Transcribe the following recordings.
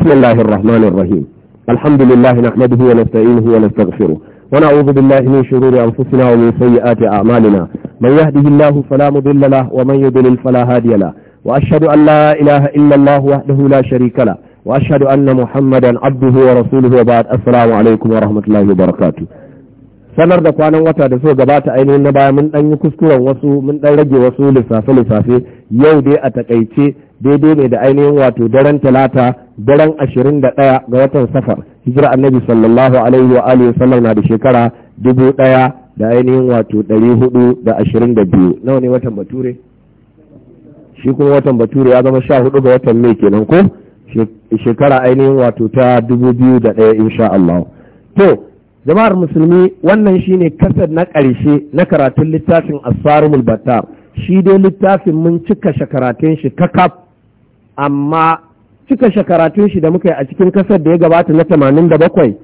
بسم الله الرحمن الرحيم الحمد لله نحمده ونستعينه ونستغفره ونعوذ بالله من شرور أنفسنا ومن سيئات أعمالنا من يهده الله فلا مضل له ومن يضلل فلا هادي له وأشهد أن لا إله إلا الله وحده لا شريك له وأشهد أن محمدا عبده ورسوله وبعد السلام عليكم ورحمة الله وبركاته sanar da kwanan wata da so gabata ainihin na baya mun dan yi kuskuren wasu mun dan rage wasu lissafe lissafe yau dai a takaice daidai ne da ainihin wato daren talata daren ashirin da ɗaya ga watan safar hijira annabi sallallahu alaihi wa alihi sallam na da shekara dubu ɗaya da ainihin wato ɗari hudu da ashirin da biyu nawa ne watan bature shi kuma watan bature ya zama sha hudu ga watan mai kenan ko shekara ainihin wato ta dubu biyu da ɗaya insha Allah to jama'ar musulmi wannan shine kasar na ƙarshe na karatun littafin asfarumul battar shi dai littafin mun cika shakaratun shi kakaf amma cika shakaratun shi da muka yi a cikin kasar da ya gabata na tamanin da bakwai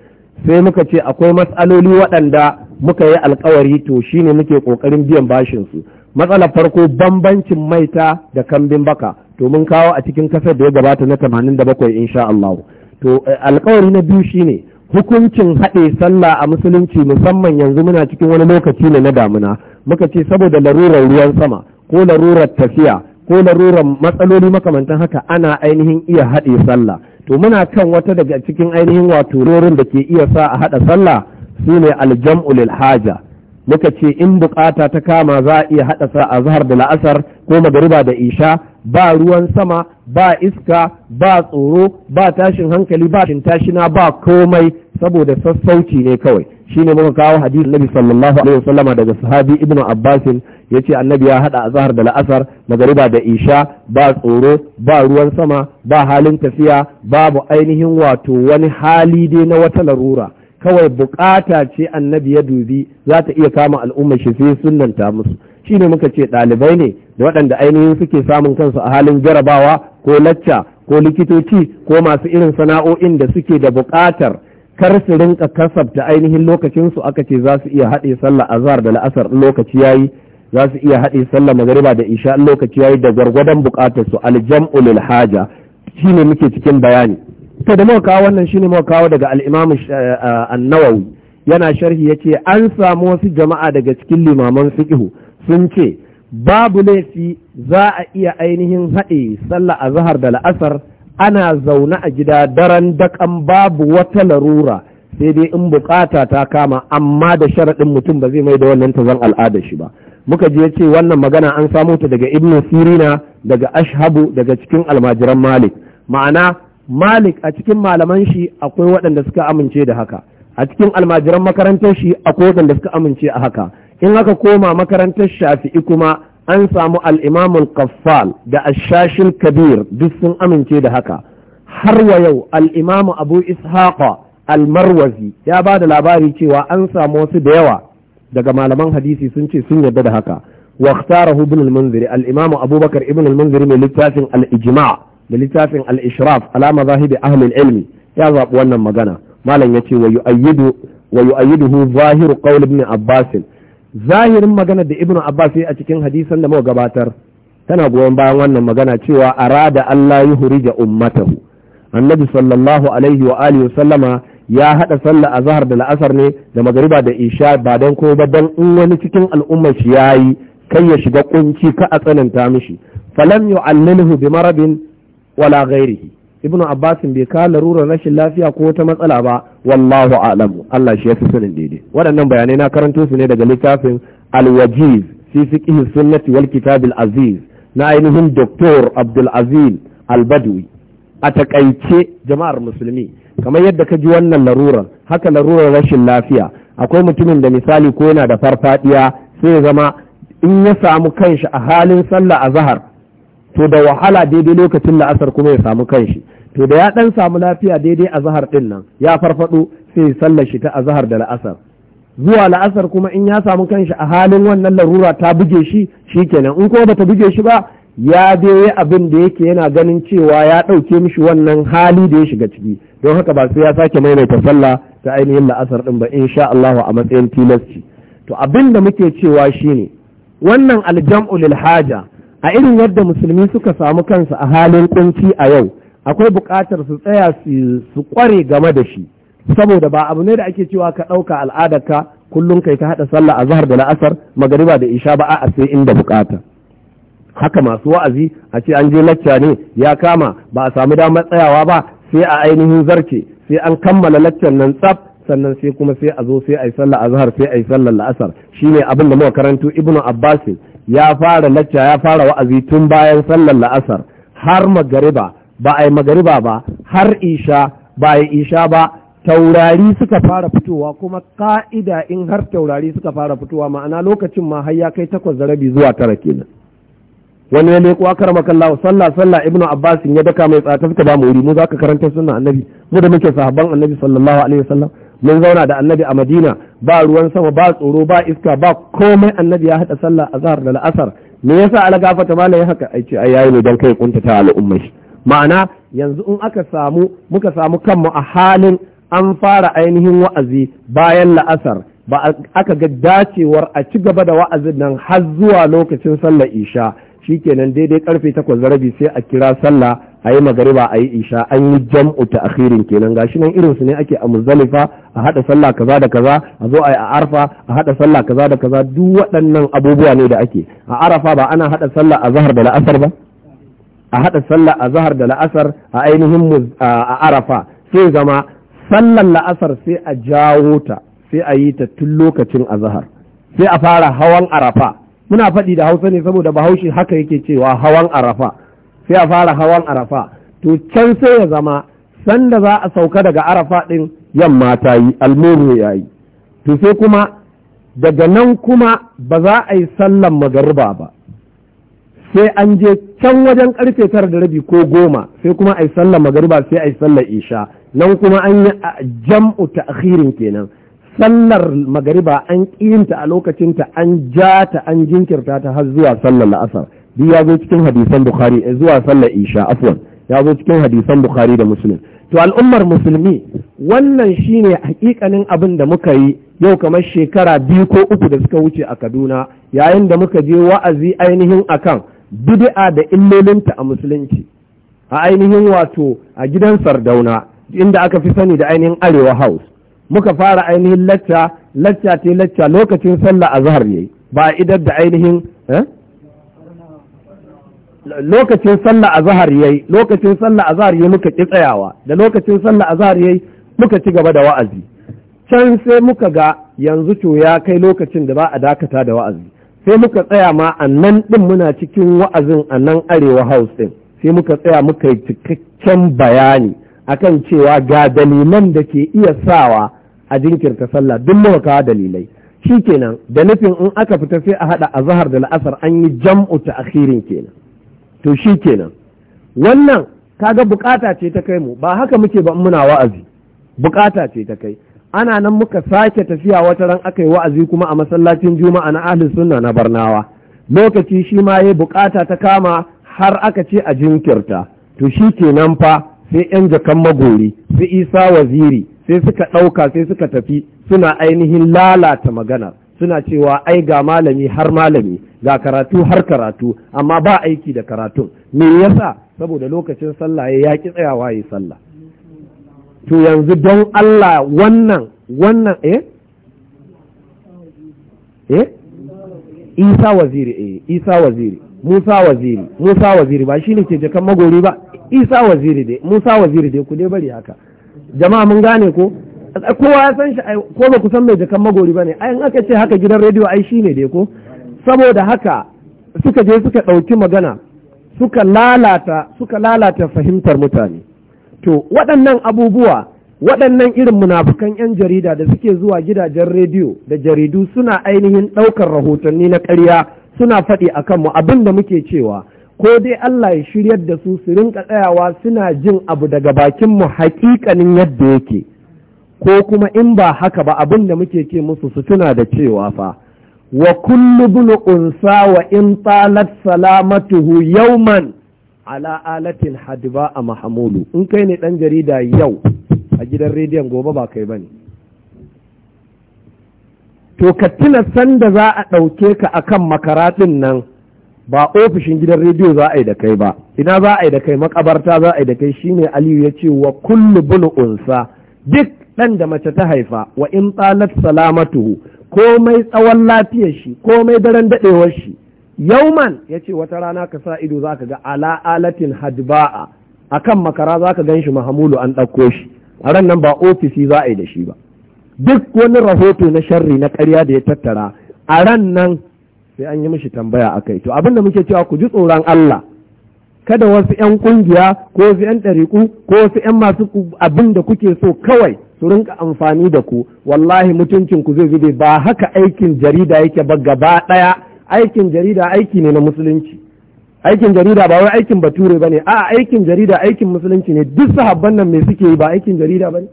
sai muka ce akwai matsaloli waɗanda muka yi alkawari to shine muke ƙoƙarin biyan bashinsu matsalar farko bambancin maita da kambin baka to mun kawo a cikin kasar da ya gabata na tamanin da bakwai insha Allah to eh, alkawari na biyu shine hukuncin haɗe sallah a musulunci musamman yanzu muna cikin wani lokaci ne na damuna muka ce saboda larurar ruwan sama ko larurar tafiya ko laruran matsaloli makamantan haka ana ainihin iya haɗe sallah to muna kan wata daga cikin ainihin wato rorin da ke iya sa a haɗa sallah su ne aljam'u lil haja muka ce in bukata ta kama za a iya haɗa sa a zahar da la'asar ko magariba da isha ba ruwan sama ba iska ba tsoro ba tashin hankali ba shin tashina ba komai saboda sassauci ne kawai shine muka kawo hadisin nabi sallallahu alaihi wasallama daga sahabi ibnu abbasin ya ce annabi ya haɗa azahar da la'asar magariba da isha ba tsoro ba ruwan sama ba halin tafiya babu ainihin wato wani hali dai na wata larura kawai bukata ce annabi ya dubi za ta iya kama al'umma shi sai sunnanta musu ne muka ce ɗalibai ne da waɗanda ainihin suke samun kansu a halin jarabawa ko lacca ko likitoci ko masu irin sana'o'in da suke da buƙatar kar su rinka kasabta ainihin lokacinsu aka ce za su iya haɗe sallah azhar da la'asar lokaci yayi za su iya haɗe sallar magariba da isha lokaci yayi da gwargwadon buƙatar su aljam'u lil haja shine muke cikin bayani to da muka kawo wannan shine muka kawo daga al-Imam eh, eh, an-Nawawi yana sharhi yace an samu wasu jama'a daga cikin limaman fiqh sun ce babu laifi za a iya ainihin haɗe sallah azhar da la'asar ana zaune a gida daren dakan babu wata larura sai dai in bukata ta kama amma da sharaɗin mutum ba zai mai da wannan tazan al'ada shi ba muka je ce wannan magana an samo ta daga ibn sirina daga ashhabu daga cikin almajiran malik ma'ana malik a cikin malaman shi akwai waɗanda suka amince da haka a cikin almajiran makarantar shi akwai waɗanda suka amince a haka in aka koma makarantar shafi'i kuma an samu al'imamul kaffal da ashashil kabir duk sun amince da haka har wa yau al'imamu abu ishaqa almarwazi ya ba da labari cewa an samu wasu da yawa daga malaman hadisi sun ce sun yarda da haka wa ikhtarahu ibn al-munzir al-imam abubakar ibn al-munzir mai littafin al-ijma' da littafin al-ishraf ala mazahibi ahli al-ilmi ya zabi wannan magana malam yace wa yu'ayyidu wa yu'ayyiduhu zahiru qawl ibn abbas zahirin magana da ibn abbas a cikin hadisan da muka gabatar tana goyon bayan wannan magana cewa arada Allah yuhrija ummatahu annabi sallallahu alaihi wa alihi wa sallama ya haɗa sallah a zahar da la'asar ne da magariba da isha ba don ko ba don in wani cikin al'ummar shi ya yi kai ya shiga kunci ka a tsananta mishi falam yu'allilhu bi maradin wala ghairihi ibnu abbas bai ka larura rashin lafiya ko ta matsala ba wallahu a'lam Allah shi fi sanin daidai waɗannan bayanai na karanto su ne daga littafin al-wajiz fi fiqh sunnati wal kitab al-aziz na ainihin doktor abdul aziz al badwi a takaice jama'ar musulmi kamar yadda ka ji wannan larurar haka larurar rashin lafiya akwai mutumin da misali ko yana da farfadiya sai zama in ya samu kanshi a halin sallah a zahar to da wahala daidai lokacin la'asar kuma ya samu kanshi to da ya dan samu lafiya daidai a zahar din nan ya farfado sai sallar shi ta azahar da la'asar zuwa la'asar kuma in ya samu kanshi a halin wannan larura ta buge shi shikenan in kuma bata buge shi ba ya je abin da yake yana ganin cewa ya ɗauke mishi wannan hali da ya shiga ciki don haka ba sai ya sake maimaita sallah ta ainihin la'asar ɗin ba insha Allah a matsayin tilasci to abin da muke cewa shine wannan aljam'u lil haja a irin yadda musulmi suka samu kansa a halin ƙunci a yau akwai buƙatar su tsaya su kware game da shi saboda ba abu ne da ake cewa ka ɗauka al'adarka kullum kai ta haɗa sallah a zahar da la'asar magariba da isha ba a sai inda buƙata haka masu wa'azi a ce an je lacca ne ya kama ba a samu damar tsayawa ba sai a ainihin zarce sai an kammala laccan nan tsaf sannan sai kuma sai a zo sai a yi a azhar sai a yi sallar la'asar ne abin da muka karanto ibnu abbas ya fara lacca ya fara wa'azi tun bayan sallar la'asar har magariba ba a yi magariba ba har isha ba a yi isha ba taurari suka fara fitowa kuma ka'ida in har taurari suka fara fitowa ma'ana lokacin ma har ya kai takwas da rabi zuwa tara kenan wani ya leƙo akar makallahu sallah sallah ibnu abbas ya daka mai tsata suka ba mu wuri mu zaka ka karanta sunan annabi mu da muke sahabban annabi sallallahu alaihi wasallam mun zauna da annabi a madina ba ruwan sama ba tsoro ba iska ba komai annabi ya haɗa sallah azhar da la'asar me yasa ala gafata malam ya haka ai ce ai yayi ne dan kai kuntata al'ummai ma'ana yanzu in aka samu muka samu kanmu a halin an fara ainihin wa'azi bayan la'asar ba aka ga dacewar a ci gaba da wa'azin nan har zuwa lokacin sallar isha shi kenan daidai karfe takwas da rabi sai a kira sallah a yi magariba a yi isha an yi jam'u ta akhirin kenan gashi nan su ne ake a muzalifa a hada sallah kaza da kaza a zo a yi a arfa a hada sallah kaza da kaza duk waɗannan abubuwa ne da ake a arafa ba ana hada sallah a zahar da la'asar ba a hada sallah a zahar da la'asar a ainihin a arafa sai zama sallar la'asar sai a jawo ta sai a yi ta tun lokacin a zahar sai a fara hawan arafa muna faɗi da hausa ne saboda bahaushe haka yake cewa hawan arafa sai a fara hawan arafa to can sai ya zama sanda za a sauka daga arafa ɗin yamma ta yi almuru ya yi to sai kuma daga nan kuma ba za a yi sallan magariba ba sai an je can wajen karfe tara da rabi ko goma sai kuma a yi sallan magariba sai a yi sallan isha nan kuma an yi jam'u ta'khirin kenan sallar magariba an kinta a lokacinta an ja ta an jinkirta ta har zuwa sallar la'asar duk ya zo cikin hadisan bukhari eh, zuwa sallar isha afwan ya zo cikin hadisan bukhari da muslim to al'ummar musulmi wannan shine hakikanin abin da muka yi yau kamar shekara biyu ko uku da suka wuce a kaduna yayin da muka je wa'azi ainihin akan bid'a da illolinta a musulunci a ainihin wato a gidan sardauna inda aka fi sani da ainihin arewa house muka fara ainihin lacca lacca ce lacca lokacin sallah a zahar yayi ba idar da ainihin eh? lokacin sallah a zahar yayi lokacin sallah a zahar yayi muka ki tsayawa da lokacin sallah a zahar yayi muka ci gaba da wa'azi can sai muka ga yanzu to ya kai lokacin da ba a dakata da wa'azi sai muka tsaya ma a nan din muna cikin wa'azin a nan arewa house din sai muka tsaya muka yi cikakken bayani akan cewa ga dalilan da ke iya sawa a jinkirta sallah duk muka dalilai shikenan da nufin in aka fita sai a hada azhar da la'asar an yi jam'u ta akhirin kenan to shikenan wannan kaga bukata ce ta kai mu ba haka muke ba muna wa'azi bukata ce ta kai ana nan muka sake tafiya wata ran aka yi wa'azi kuma a masallacin juma'a na ahli sunna na barnawa lokaci shi ma ya bukata ta kama har aka ce a jinkirta to shi kenan fa sai yan jakan magori su isa waziri sai suka ɗauka sai suka tafi suna ainihin lalata magana suna cewa ai ga malami har malami ga karatu har karatu amma ba aiki da karatun me yasa saboda lokacin sallah ya yaki tsayawa yi sallah to yanzu don Allah wannan wannan eh eh Isa waziri eh Isa waziri Musa waziri Musa waziri ba shine ke jakan magori ba Isa waziri dai Musa waziri dai ku dai bari haka jama'a mun gane ko kowa ya san shi ko ba ku san mai jakan magori ba ne ai in aka ce haka gidan rediyo ai shine dai ko saboda haka suka je suka ɗauki magana suka lalata suka lalata fahimtar mutane to waɗannan abubuwa waɗannan irin munafukan 'yan jarida da suke zuwa gidajen rediyo da jaridu suna ainihin ɗaukar rahotanni na ƙarya suna faɗi a kanmu abin da muke cewa ko dai Allah ya shiryar da su su rinka tsayawa suna jin abu daga bakin mu hakikanin yadda yake ko kuma in ba haka ba abin da muke ce musu su tuna da cewa fa wa kullu Bulu unsa wa in talat salamatuhu yawman ala alatin hadiba a mahamulu in kai ne dan jarida yau a gidan rediyon gobe ba kai bane to ka tuna sanda za a ɗauke ka akan makaratin nan ba ofishin gidan rediyo za a yi da kai ba ina za a yi da kai makabarta za a yi da kai shine aliyu ya ce wa kullu bulu'unsa unsa duk ɗan da mace ta haifa wa in tsalat salamatuhu komai tsawon lafiyar shi komai daren daɗewar shi yauman ya ce wata rana ka sa ido za ka ga ala alatin hadba'a akan makara za ka gan shi mahamulu an ɗauko shi a ran nan ba ofisi za a yi da shi ba duk wani rahoto na sharri na ƙarya da ya tattara a ran nan sai an yi mishi tambaya a kai to abin da muke cewa ku ji tsoron Allah kada wasu 'yan kungiya ko wasu 'yan ɗariƙu ko wasu 'yan masu abin da kuke so kawai su rinka amfani da ku wallahi mutuncin ku zai zube ba haka aikin jarida yake ba gaba ɗaya aikin jarida aiki ne na musulunci aikin jarida ba wai aikin bature bane a aikin jarida aikin musulunci ne duk sahabban nan me suke yi ba aikin jarida bane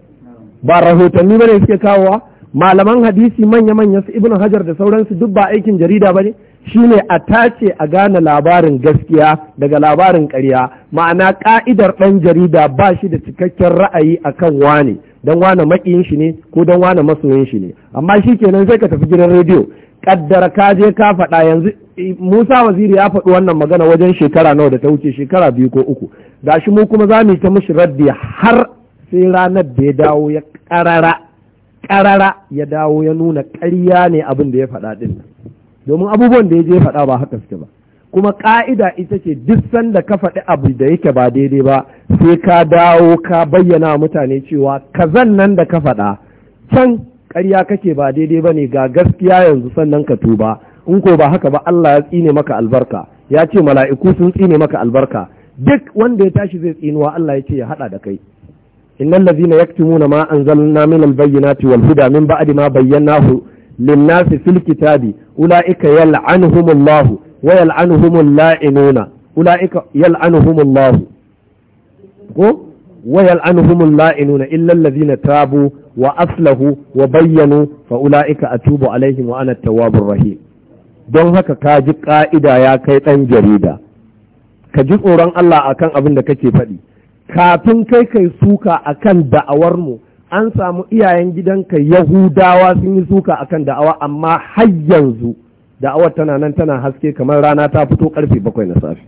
ba rahotanni bane suke kawowa malaman hadisi manya-manya su ibn hajar da sauransu duk ba aikin jarida ba ne shine a tace a gane labarin gaskiya daga labarin ƙarya ma'ana ka'idar ɗan jarida ba shi da cikakken ra'ayi akan wane don wane maƙiyin shi ne ko don wane masoyin shi ne amma shi kenan sai ka tafi gidan rediyo kaddara ka je ka faɗa yanzu eh, Musa Waziri ya faɗi wannan magana wajen shekara nawa da ta wuce shekara biyu ko uku gashi mu kuma za mu yi ta mushi raddi har sai ranar da ya dawo ya ƙarara ƙarara ya dawo ya nuna ƙarya ne abin da ya faɗa ɗin domin abubuwan da ya je faɗa ba haka suke ba kuma ƙa'ida ita ce duk sanda ka faɗi abu da yake ba daidai ba sai ka dawo ka bayyana mutane cewa kazan nan da ka faɗa can ƙarya kake ba daidai ba ne ga gaskiya yanzu sannan ka tuba in ko ba haka ba Allah ya tsine maka albarka ya ce mala'iku sun tsine maka albarka duk wanda ya tashi zai tsinuwa Allah ya ce ya haɗa da kai innal ladhina yaktumuna ma anzalna min al-bayyinati wal huda min ba'di ma bayyanahu للناس في الكتاب أولئك يلعنهم الله ويلعنهم اللائنون أولئك يلعنهم الله ويلعنهم اللائنون إلا الذين تابوا وأصله وبينوا فأولئك أتوب عليهم وأنا التواب الرحيم don haka ka ji ƙa'ida ya kai ɗan jarida ka ji tsoron Allah akan abin da kake faɗi kafin kai kai suka akan da'awar mu an samu iyayen gidanka yahudawa sun yi suka akan da'awa amma har yanzu da'awar tana nan tana haske kamar rana ta fito karfe bakwai na safe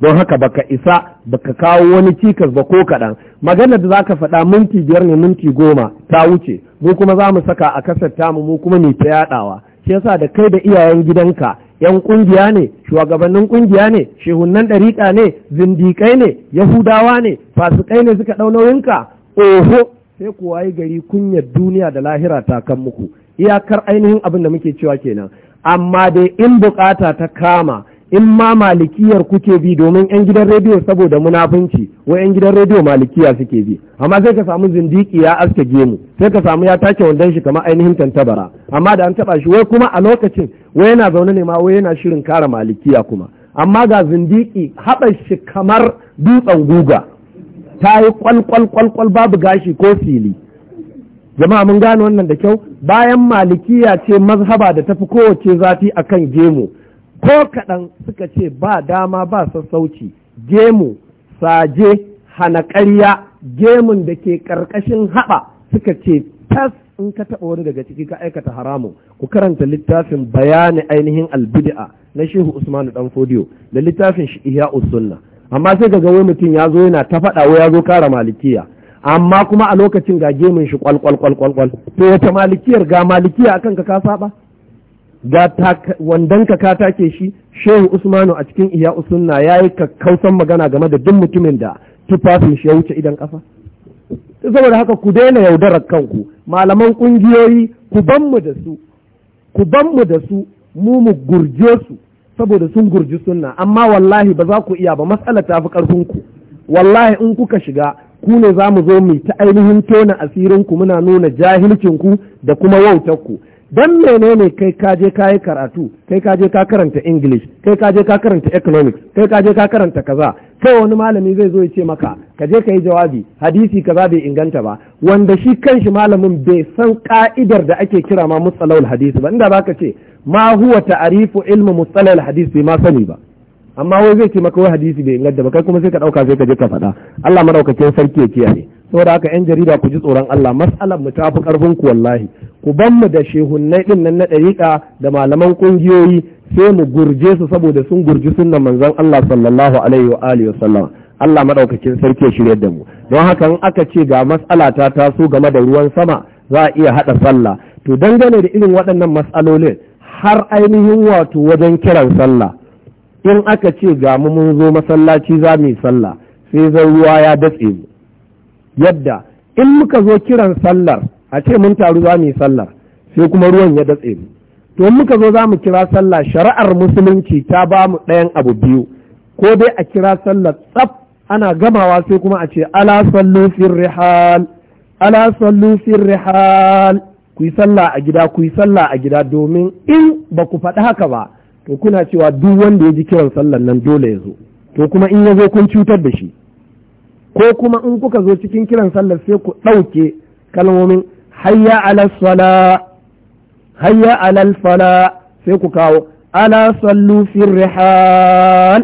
don haka baka isa baka kawo wani cikas ba ko kaɗan maganar da zaka faɗa minti biyar ne minti goma ta wuce mu kuma za mu saka a kasar tamu mu kuma ne ta yaɗawa shi yasa da kai da iyayen gidanka yan ƙungiya ne shugabannin ƙungiya ne shehunan ɗariƙa ne zindiƙai ne yahudawa ne fasikai ne suka ɗau nauyinka oho sai ku wayi gari kunyar duniya da lahira ta kan muku iyakar ainihin abin da muke cewa kenan amma dai in bukata ta kama in ma malikiyar kuke bi domin yan gidan rediyo saboda munafunci wa yan gidan rediyo malikiya suke bi amma sai ka samu zindiki ya aske gemu sai ka samu ya take wandon shi kamar ainihin tantabara amma da an taba shi wai kuma a lokacin wai yana zaune ne ma wai yana shirin kara malikiya kuma amma ga zindiki haɓa shi kamar dutsen guga ta yi babu gashi ko fili jama'a mun gane wannan da kyau bayan malikiya ce mazhaba da tafi kowace zafi akan gemu ko kaɗan suka ce ba dama ba sassauci gemu saje hana ƙarya gemun da ke ƙarƙashin haɓa suka ce tas in ka taɓa wani daga ciki ka aikata haramu ku karanta littafin bayani ainihin albidi'a na shehu usmanu dan fodiyo da littafin shi iya usunna amma sai ga ga wai mutum ya zo yana ta faɗa wai ya zo kara malikiya amma kuma a lokacin ga gemun shi kwal kwal kwal kwal to wata malikiyar ga malikiya akan ka ka saba ga wandon ka take shi shehu usmanu a cikin iya usunna ya yi kakkausan magana game da duk mutumin da tufafin shi ya wuce idan kafa saboda haka ku daina yaudarar kanku malaman kungiyoyi ku ban mu da su ku ban mu da su mu mu gurje su saboda sun gurji sunna amma wallahi ba za ku iya ba matsalar ta fi karfin ku wallahi in kuka shiga ku ne za mu zo mu ta ainihin tona asirinku muna nuna jahilcinku da kuma wautarku dan menene kai ka je ka yi karatu kai ka je ka karanta english kai ka je ka karanta economics kai ka je ka karanta kaza kai wani malami zai zo ya ce maka ka je ka yi jawabi hadisi kaza bai inganta ba wanda shi kanshi malamin bai san ka'idar da ake kira ma mustalahul hadisi ba inda baka ce ma huwa ta'rifu ilmu mustalahul hadisi bai ma sani ba amma wai zai ce maka wai hadisi bai inganta ba kai kuma sai ka dauka sai ka je ka faɗa Allah madaukakin sarki ya kiyaye saboda haka yan jarida ku ji tsoron Allah mas'alar mu ta fi karfin ku wallahi ku ban mu da shehunnai din nan na ɗariƙa da malaman ƙungiyoyi sai mu gurje su saboda sun gurji sunnan manzon Allah sallallahu alaihi wa alihi wa sallam Allah madaukakin sarki ya shirye da mu don haka in aka ce ga mas'ala ta taso game da ruwan sama za a iya hada sallah to dangane da irin waɗannan mas'alolin har ainihin wato wajen kiran sallah in aka ce ga mu mun zo masallaci za mu yi sallah sai zan ruwa ya datse mu yadda in muka zo kiran sallar a ce mun taru za mu yi sallah sai kuma ruwan ya datse mu to muka zo za mu kira sallah shari'ar musulunci ta ba mu ɗayan abu biyu ko dai a kira sallah tsaf ana gamawa sai kuma a ce ala sallu fil rihal ala sallu fil rihal ku yi sallah a gida ku yi sallah a gida domin in ba ku faɗi haka ba to kuna cewa duk wanda ya ji kiran sallan nan dole ya zo to kuma in ya zo kun cutar da shi ko kuma in kuka zo cikin kiran sallar sai ku ɗauke kalmomin hayya ala sala hayya ala fala sai ku kawo ala sallu fi rihal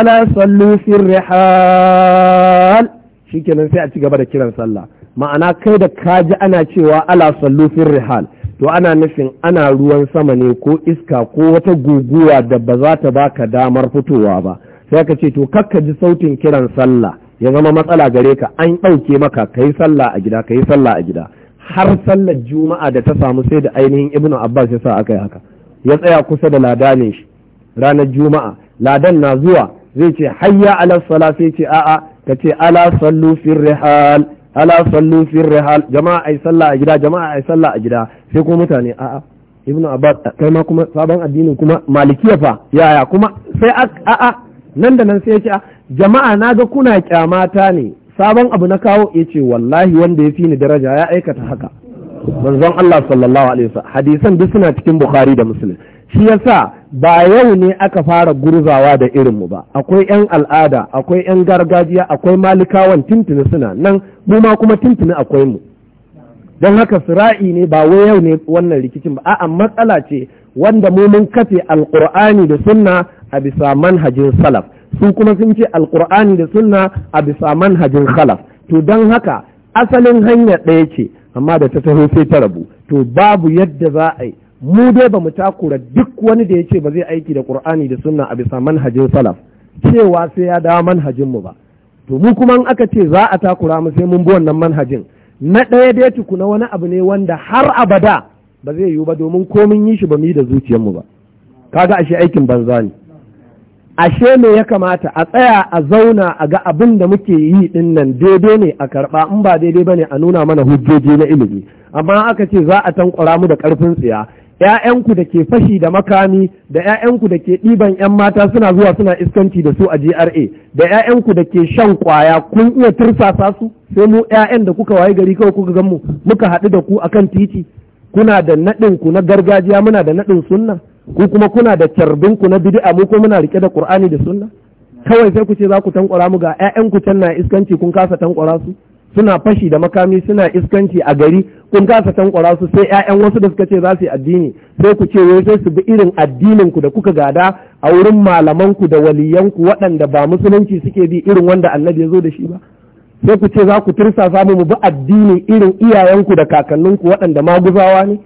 ala sallu fi rihal shikenan sai a ci gaba da kiran sallah ma'ana kai da kaji ana cewa ala sallu rihal to ana nufin ana ruwan sama ne ko iska ko wata guguwa da ba za ta baka damar fitowa ba sai ka ce to kakka ji sautin kiran sallah ya zama matsala gare ka an ɗauke maka ka sallah a gida ka sallah a gida har sallar juma'a da ta samu sai da ainihin ibnu abbas ya sa aka yi haka ya tsaya kusa da ladanin shi ranar juma'a ladan na zuwa zai ce hayya ala sala sai ce a'a ka ce ala sallu rihal ala sallu fil rihal jama'a ai sallah a gida jama'a ai sallah a gida sai kuma mutane a'a ibnu abbas kai ma kuma sabon addinin kuma malikiya fa yaya kuma sai a'a nan da nan sai ya ce jama'a naga kuna kyamata ne sabon abu na kawo ya ce wallahi wanda ya fi ni daraja ya aikata haka manzon Allah sallallahu alaihi wasallam hadisan duk suna cikin Bukhari da Muslim shi yasa ba yau ne aka fara gurzawa da irinmu ba akwai 'yan al'ada akwai 'yan gargajiya akwai malikawan tintini suna nan mu ma kuma tintini akwai mu don haka sira'i ne ba wai yau ne wannan rikicin ba a'a matsala ce wanda mu mun kafe alkur'ani da sunna a bisa manhajin salaf su kuma sun ce alkur'ani da sunna a bisa manhajin khalaf to don haka asalin hanyar ɗaya ce amma da ta taho sai ta rabu to babu yadda za a yi mu dai ba mu takura duk wani da ya ce ba zai aiki da qur'ani da sunna a bisa manhajin salaf cewa sai ya dawo manhajin mu ba to mu kuma aka ce za a takura mu sai mun bi wannan manhajin na ɗaya dai tukuna wani abu ne wanda har abada ba zai yiwu ba domin komin yi shi ba mu yi da zuciyarmu ba kaga ashe aikin banza ne ashe me ya kamata a tsaya a zauna a ga abin da muke yi din nan daidai ne a karɓa in ba daidai ba ne a nuna mana hujjoji na ilimi amma aka ce za a tankwara mu da karfin tsiya ‘ya'yanku da ke fashi da makami da ‘ya'yanku da ke ɗiban ‘yan mata suna zuwa suna iskanci da su a GRA da ‘ya'yanku da ke shan ƙwaya kun iya tursasa su sai mu ‘ya'yan da kuka waye gari kawai kuka gan mu muka haɗu da ku akan titi kuna da naɗin ku na gargajiya muna da naɗin sunna ku kuma kuna da carbin ku na bid'a mu kuma muna rike da qur'ani da sunna kawai sai ku ce za ku tankwara mu ga ƴaƴan ku can na iskanci kun kasa tankwara su suna fashi da makami suna iskanci a gari kun kasa tankwara su sai ƴaƴan wasu da suka ce za su yi addini sai ku ce wai sai su bi irin addinin ku da kuka gada a wurin malaman ku da waliyan ku waɗanda ba musulunci suke bi irin wanda annabi ya zo da shi ba sai ku ce za ku tursa samu mu bi addini irin iyayen ku da kakanninku ku waɗanda maguzawa ne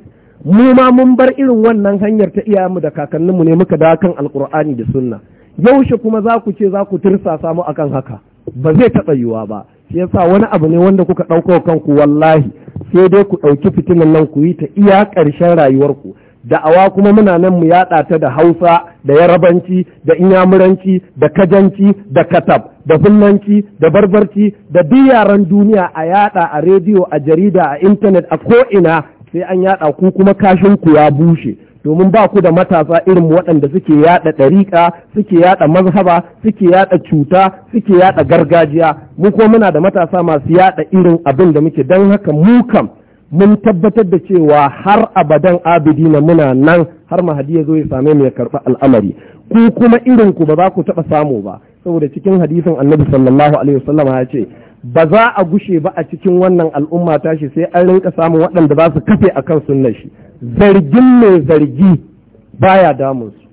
mu ma mun bar irin wannan hanyar ta iya mu da kakanninmu ne muka dawo kan alkur'ani da sunna yaushe kuma za ku ce za ku tirsasa mu akan haka ba zai taɓa yiwuwa ba shi yasa wani abu ne wanda kuka ɗauka kanku wallahi sai dai ku ɗauki fitinan nan ku yi ta iya ƙarshen rayuwarku awa kuma muna nan mu yaɗa ta da hausa da yarabanci da inyamuranci da kajanci da katab da fulanci da barbarci da duk yaran duniya a yaɗa a rediyo a jarida a intanet a ko'ina sai an yada ku kuma kashin ku ya bushe domin ba ku da matasa irin waɗanda suke yada ɗariƙa suke yada mazhaba suke yada cuta suke yada gargajiya mu kuma muna da matasa masu yada irin abin da muke don haka mu kam mun tabbatar da cewa har abadan abidina muna nan har mahadi ya zo ya same mu ya karɓi al'amari ku kuma irin ku ba za ku taɓa samu ba saboda cikin hadisin annabi sallallahu alaihi wasallama ya ce ba za a gushe ba a cikin wannan al'umma ta shi sai an rinka samun waɗanda za su kafe a kan sunnar shi zargin mai zargi baya damun su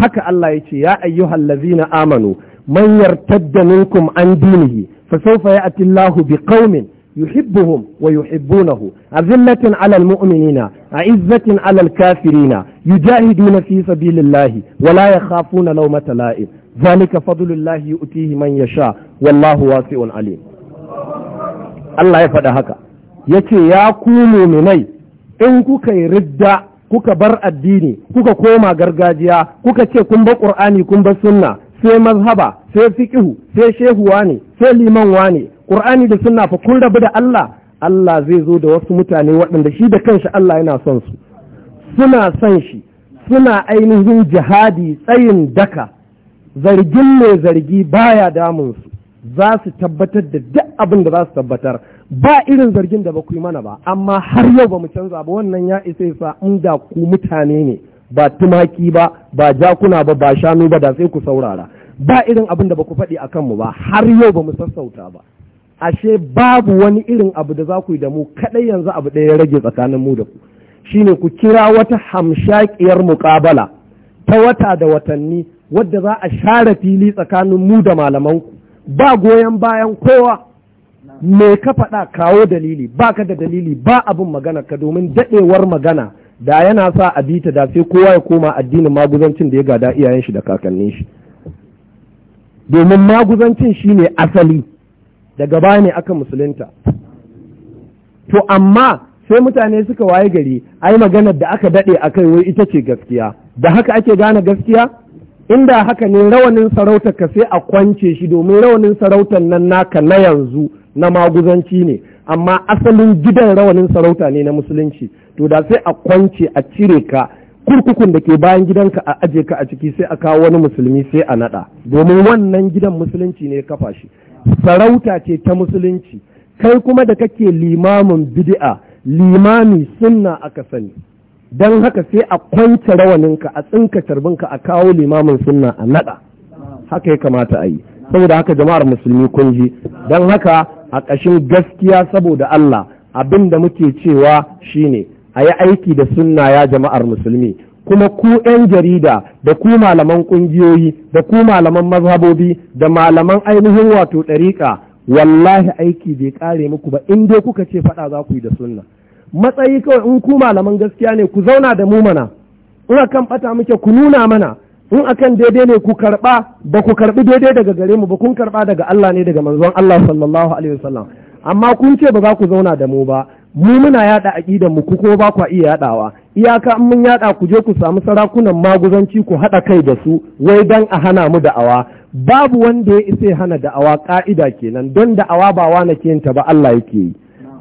haka Allah ya ce ya ayyuhal ladzina amanu man yartadda minkum an dinihi fa sawfa ya'ti Allahu bi qaumin yuhibbuhum wa yuhibbunahu azillatin alal al-mu'minina a 'ala alal kafirina yujahiduna fi sabilillahi wa la yakhafuna lawmata la'im ذلك فضل الله يؤتيه من يشاء والله واسع عليم Allah ya faɗa haka ya ce ya ku muminai in kuka yi ridda kuka bar addini kuka koma gargajiya kuka ce kun ba ƙur'ani kun ba sunna sai mazhaba sai fiƙihu sai shehuwa ne sai limanwa ne ƙur'ani da suna fa kun rabu da Allah Allah zai zo da wasu mutane waɗanda shi da kanshi Allah yana son su suna son shi suna ainihin jihadi tsayin daka zargin mai zargi baya damunsu za su tabbatar da duk abin da za su tabbatar ba irin zargin da ba ku yi mana ba amma har yau ba mu canza ba wannan ya isa in inda ku mutane ne ba tumaki ba ba jakuna ba ba shanu ba da sai ku saurara ba irin abin da ba ku faɗi a kanmu ba har yau ba mu sassauta ba ashe babu wani irin abu da za ku yi da mu kaɗai yanzu abu ɗaya ya rage tsakanin mu da ku shine ku kira wata hamshakiyar muƙabala ta wata da watanni wadda za a share fili tsakanin mu da malamanku ba goyon bayan kowa me ka faɗa kawo dalili ba ka da dalili ba abin magana ka domin daɗewar magana da yana sa a bita da sai kowa ya koma addinin maguzancin da ya gada iyayen shi da kakannin shi domin maguzancin shi ne asali daga baya ne aka musulunta to amma sai mutane suka waye gari ai maganar da aka daɗe a kai wai ita ce gaskiya da haka ake gane gaskiya inda haka ne rawanin sarautar ka sai a kwance shi domin rawanin sarautar nan naka na yanzu na maguzanci ne amma asalin gidan rawanin sarauta ne na musulunci to da sai a kwance a cire ka kurkukun da ke bayan gidanka a aje ka a ciki sai a kawo wani musulmi sai a nada domin wannan gidan musulunci ne kafa shi sarauta ce ta musulunci kai kuma da kake limamin bid'a limami sunna aka sani don haka sai a kwanta rawaninka a tsinka tarbinka a kawo limamin sunna a naɗa haka ya kamata a yi saboda haka jama'ar musulmi kun ji don haka a ƙashin gaskiya saboda Allah abin da muke cewa shine a yi aiki da sunna ya jama'ar musulmi kuma ku 'yan jarida da ku malaman ƙungiyoyi da ku malaman mazhabobi da malaman ainihin wato ɗariƙa wallahi aiki bai ƙare muku ba in dai kuka ce faɗa za ku yi da sunna matsayi kawai in ku malaman gaskiya ne ku zauna da mu mana in akan bata muke ku nuna mana in akan daidai ne ku karɓa ba ku karbi daidai daga gare mu ba kun karba daga Allah ne daga manzon Allah sallallahu alaihi wasallam amma kun ce ba za ku zauna da mu ba mu muna yada aqidan mu ku ko ba ku iya yadawa iyaka in mun yada ku je ku samu sarakunan maguzanci ku hada kai da su wai dan a hana mu da'awa babu wanda ya isa hana da'awa ka'ida kenan don da'awa ba wani ke ta ba Allah yake yi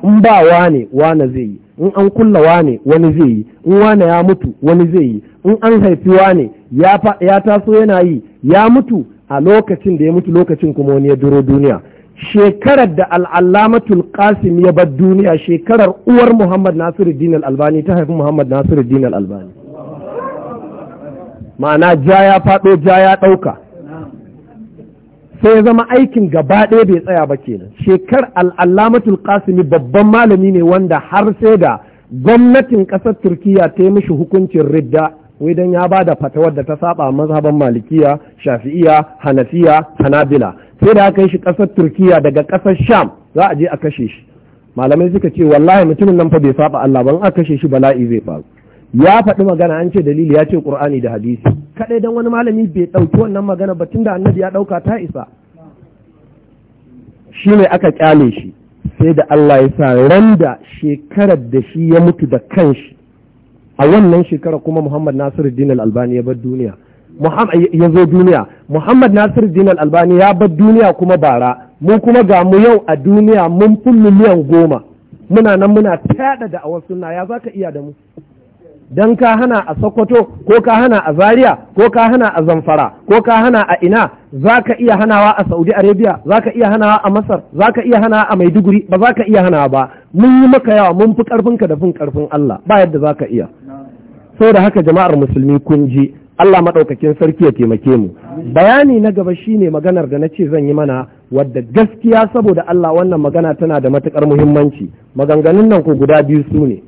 in ba wane wane zai yi in an kulla wane wani zai yi in wane ya mutu wani zai yi in an haifi wane ya taso yana yi ya mutu a lokacin da ya mutu lokacin kuma wani ya duro duniya shekarar da al'allamatul qasim ya bar duniya shekarar uwar muhammad nasiru din albani ta haifi muhammad nasiru din albani ma'ana ja ya faɗo ja ya ɗauka sai ya zama aikin gaba ɗaya bai tsaya ba kenan shekar al'allamatul kasimi babban malami ne wanda har sai da gwamnatin ƙasar turkiya ta yi mishi hukuncin ridda wai ya bada fatawar da ta saba mazhaban malikiya shafi'iya hanafiya hanabila sai da aka yi shi ƙasar turkiya daga ƙasar sham za a je a kashe shi malamai suka ce wallahi mutumin nan fa bai saba allah in a kashe shi bala'i zai faru ya faɗi magana an ce dalili ya ce ƙur'ani da hadisi kaɗai don wani malami bai ɗauki wannan magana ba tun da annabi ya ɗauka ta isa shi ne aka ƙyale shi sai da Allah ya sa ran da shekarar da shi ya mutu da kanshi a wannan shekarar kuma Muhammad Nasiruddin Al-Albani ya bar duniya ya zo duniya Muhammad Nasiruddin Al-Albani ya bar duniya kuma bara mu kuma ga mu yau a duniya mun fi miliyan goma muna nan muna tada da awar sunna ya zaka iya da mu don ka hana a sokoto ko ka hana a zaria ko ka hana a zamfara ko ka hana a ina za ka iya hanawa a saudi arabia za ka iya hanawa a masar za ka iya hanawa a maiduguri ba za ka iya hana ba mun yi maka yawa mun fi ƙarfinka da fin karfin allah ba yadda za ka iya saboda haka jama'ar musulmi kun ji Allah maɗaukakin sarki ya taimake mu bayani na gaba shine maganar da na ce zan yi mana wadda gaskiya saboda Allah wannan magana tana da matuƙar muhimmanci maganganun nan ku guda biyu su ne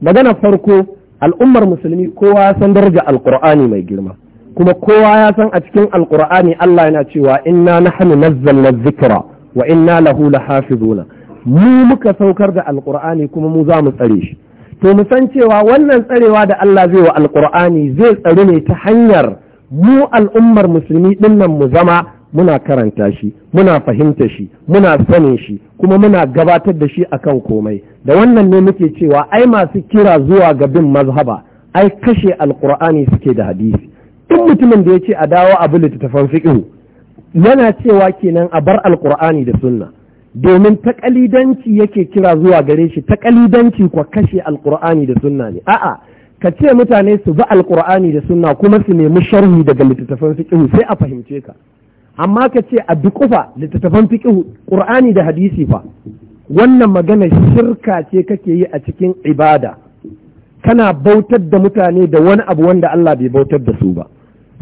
maganar farko al'ummar musulmi kowa ya san daraja alkur'ani mai girma kuma kowa ya san a cikin alkur'ani Allah yana cewa inna nahnu nazzalna dhikra wa inna lahu lahafizuna mu muka saukar da alkur'ani kuma mu za mu tsare shi to mu san cewa wannan tsarewa da Allah zai wa alkur'ani zai tsare ne ta hanyar mu al'ummar musulmi dinnan mu zama muna karanta shi muna fahimta shi muna sanin shi kuma muna gabatar da shi akan komai da wannan ne muke cewa ai masu kira zuwa ga bin mazhaba ai kashe alkur'ani suke da hadisi duk mutumin da ya ce a dawo abu littattafan fiqh yana cewa kenan a bar alkur'ani da sunna domin takalidanci yake kira zuwa gare shi takalidanci kwa kashe alkur'ani da sunna ne a'a ka ce mutane su bi alkur'ani da sunna kuma su nemi sharhi daga littattafan fiqh sai a fahimce ka amma ka ce a kufa littattafan fiqh qur'ani da hadisi fa wannan magana shirka ce kake yi a cikin ibada kana bautar da mutane da wani abu wanda Allah bai bautar da su ba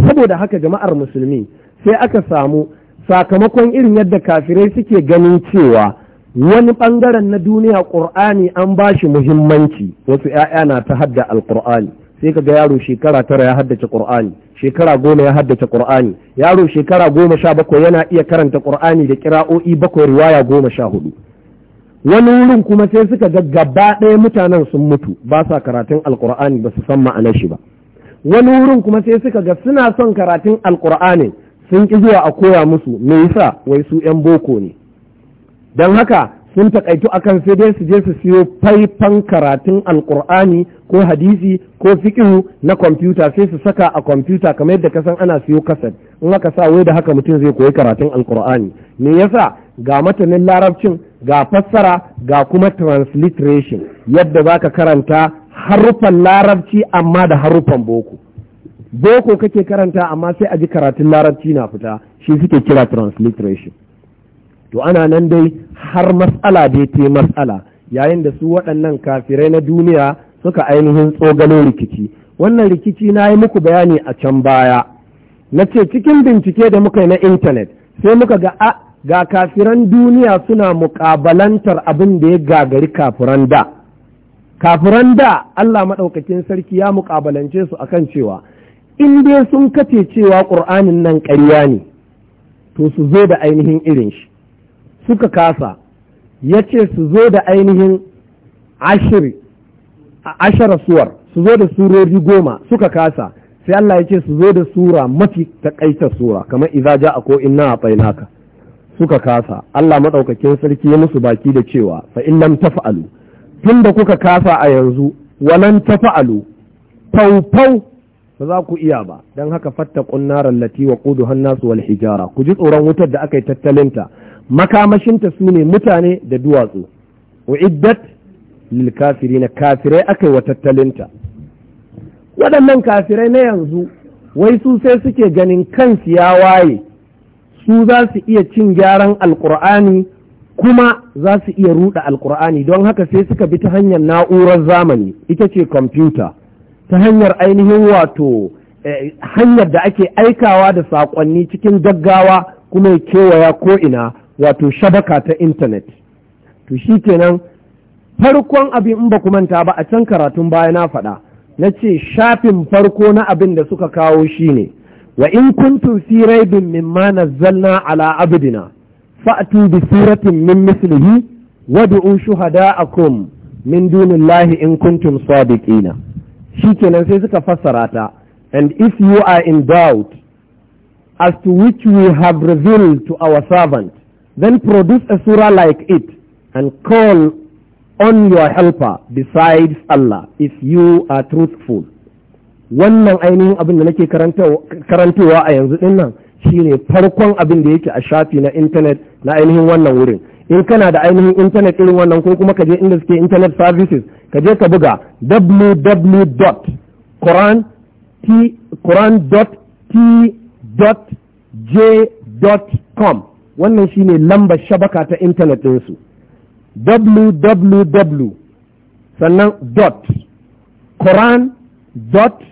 saboda haka jama'ar musulmi sai aka samu sakamakon irin yadda kafirai suke ganin cewa wani ɓangaren na duniya ƙur'ani an ba shi muhimmanci wasu 'ya'ya na ta hadda alƙur'ani sai kaga yaro shekara tara ya haddace ƙur'ani shekara goma ya haddace ƙur'ani yaro shekara goma sha bakwai yana iya karanta ƙur'ani da kira'o'i bakwai riwaya goma sha hudu wani wurin kuma sai suka ga gaba ɗaya mutanen sun mutu ba sa karatun alkur'ani ba su san ma'anar shi ba wani wurin kuma sai suka ga suna son karatun alkur'ani sun ƙi zuwa a koya musu me yasa wai su 'yan boko ne don haka sun takaitu akan sai dai su je su siyo faifan karatun Alƙur'ani ko hadisi ko fiƙihu na kwamfuta sai su saka a kwamfuta kamar yadda ka san ana siyo kaset in aka sa wai da haka mutum zai koyi karatun alkur'ani me yasa ga matanin larabcin ga fassara ga kuma transliteration yadda za ka karanta haruffan larabci amma da haruffan boko boko kake karanta amma sai a ji karatun larabci na fita shi suke kira transliteration to ana nan dai har matsala dai te matsala yayin da su waɗannan kafirai na duniya suka ainihin tsogalo rikici wannan rikici na yi muku bayani a can baya na ce cikin bincike da muka yi na intanet sai muka ga a ah, ga kafiran duniya suna muƙabalantar abin da ya gagari kafiran da kafiran da Allah maɗaukakin sarki ya muƙabalance su akan cewa in dai sun kace cewa ƙur'anin nan ƙarya ne to su zo da ainihin irin shi suka kasa ya ce su zo da ainihin ashara suwar su zo da surori goma suka kasa sai Allah ya ce su zo da sura mafi takaita sura kamar iza ja a ko inna a tsainaka suka kasa Allah maɗaukakin sarki ya musu baki da cewa fa in lam taf'alu da kuka kasa a yanzu wa lam taf'alu taufau ba za ku iya ba don haka fatta naral lati wa an hannasu wal hijara ku ji tsoron wutar da aka yi tattalinta makamashinta su ne mutane da duwatsu uiddat lil kafirina kafirai aka yi wa tattalinta waɗannan kafirai na yanzu wai su sai suke ganin kansu ya waye su za su iya cin gyaran alkur'ani kuma za su iya ruɗa alkur'ani don haka sai suka bi ta hanyar na'urar zamani ita ce kwamfuta ta hanyar ainihin wato eh, hanyar da ake aikawa da saƙonni cikin gaggawa kuma ya kewaya ko'ina wato shabaka ta intanet to shi kenan farkon abin in ba manta ba a can karatun baya na faɗa na ce shafin farko na abin da suka kawo shine wa in kuntum fi raibin mimma nazzalna ala abdina fa'tu bi suratin min mislihi wad'u shuhada'akum min dunillahi in kuntum sadiqina shikenan sai suka fassara ta and if you are in doubt as to which we have revealed to our servant then produce a surah like it and call on your helper besides Allah if you are truthful wannan ainihin abin da nake karantowa a yanzu din nan shine farkon abin da yake a shafi na intanet na ainihin wannan wurin in kana da ainihin intanet irin wannan ko kuma kaje inda suke internet services kaje ka buga www.quran.t.j.com wannan shine lambar shabaka ta intanet ɗinsu www sannan dot quran dot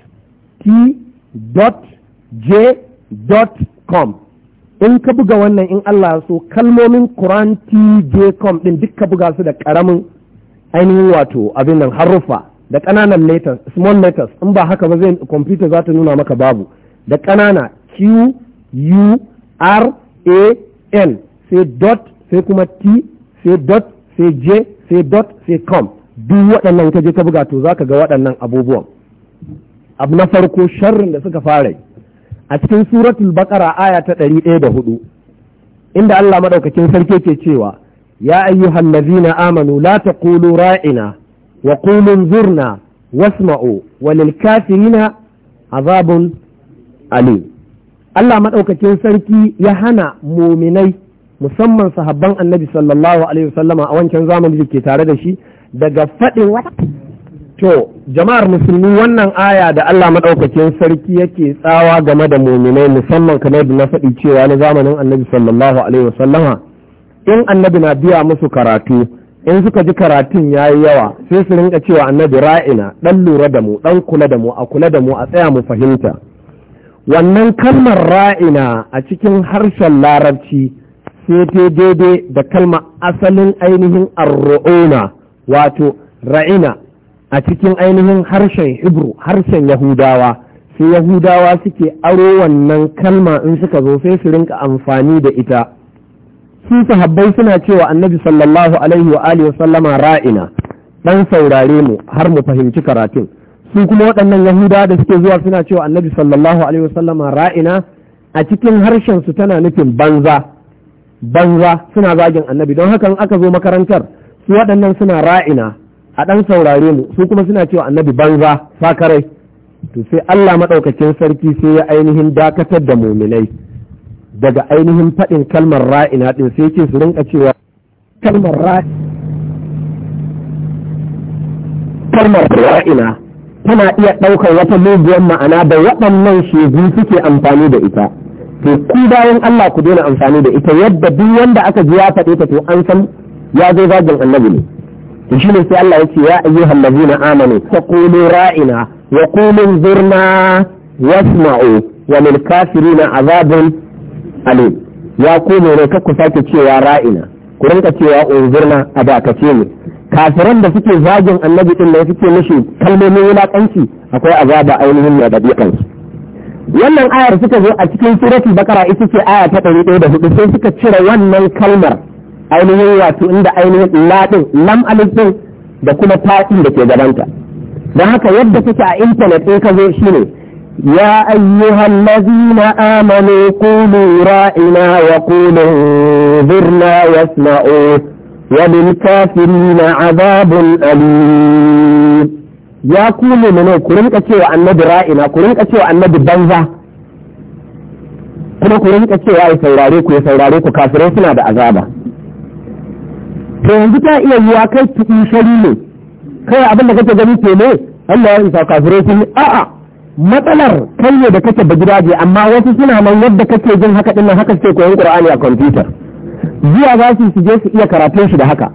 t.j.com in ka buga wannan in Allah so kalmomin Quran tj.com din duk ka buga su da karamin ainihin wato abin nan harufa da ƙananan letters small letters in ba haka ba zai computer za ta nuna maka babu da ƙanana q u r a n sai dot sai kuma t sai dot sai j sai dot sai com duk waɗannan ka je ka buga to za ka ga waɗannan abubuwan abu na farko sharrin da suka fara a cikin suratul baqara aya ta ɗari ɗaya da hudu inda Allah madaukakin sarki ke cewa ya ayyuhan ladina amanu la taqulu ra'ina wa qulu zurna wasma'u walil kafirina azabun alim Allah madaukakin sarki ya hana muminai musamman sahabban annabi sallallahu alaihi wasallama a wancan zamanin da ke tare da shi daga faɗin wata To, jama'ar musulmi wannan aya da Allah maɗaukacin sarki yake tsawa game da muminai musamman kamar da na faɗi cewa na zamanin annabi sallallahu alaihi wasallama in annabi na biya musu karatu in suka ji karatun ya yi yawa sai su rinka cewa annabi ra'ina ɗan lura da mu ɗan kula da mu a kula da mu a tsaya mu fahimta wannan kalmar ra'ina a cikin harshen larabci sai ta daidai da kalmar asalin ainihin arro'ona wato ra'ina a cikin ainihin harshen hebrew harshen yahudawa sai yahudawa suke aro wannan kalma in suka zo sai su rinka amfani da ita su sahabbai suna cewa annabi sallallahu alaihi wa alihi sallama ra'ina dan saurare mu har mu fahimci karatun su kuma waɗannan yahudawa da suke zuwa suna cewa annabi sallallahu alaihi wa sallama ra'ina a cikin harshen su tana nufin banza banza suna zagin annabi don haka in aka zo makarantar su waɗannan suna ra'ina a ɗan saurare mu su kuma suna cewa annabi banza sakarai to sai Allah maɗaukakin sarki sai ya ainihin dakatar da muminai daga ainihin faɗin kalmar ra'ina ɗin sai ke su rinka cewa kalmar ra'ina tana iya ɗaukar wata muguwar ma'ana da waɗannan shegu suke amfani da ita to ku bayan Allah ku daina amfani da ita yadda duk wanda aka ji ya faɗe ta to an san ya zo zagin annabi ne to ne sai Allah ce ya ayyuha allazina amanu taqulu ra'ina wa qulu zurna wasma'u wa lil kafirina azabun alim ya ku ne ka ku sake cewa ra'ina ku rinka cewa unzurna a dakace ne kafiran da suke zagin annabi din da suke mishi kalmomin wulakanci akwai azaba ainihin ne da kansu wannan ayar suka zo a cikin suratul bakara ita ce aya ta 104 sai suka cire wannan kalmar ainihin wato inda ainihin ladin lam alifin da kuma ta'in da ke gabanta don haka yadda take a intanet in ka zo shine ya ayyuhan lazina amanu qulu ra'ina wa qulu dhirna wasma'u wa lil kafirina azabun alim ya ku mu'minu ku rinka cewa annabi ra'ina ku rinka cewa annabi banza kuma ku rinka cewa ya saurare ku ya saurare ku kafirai suna da azaba to yanzu ta iya yiwa kai tuɗi shari ne kai abin da kake gani ke ne Allah ya isa kafirai sun a'a matsalar kai ne da kake je amma wasu suna nan yadda kake jin haka din haka suke koyon Qur'ani a kwamfutar zuwa za su je su iya karatun shi da haka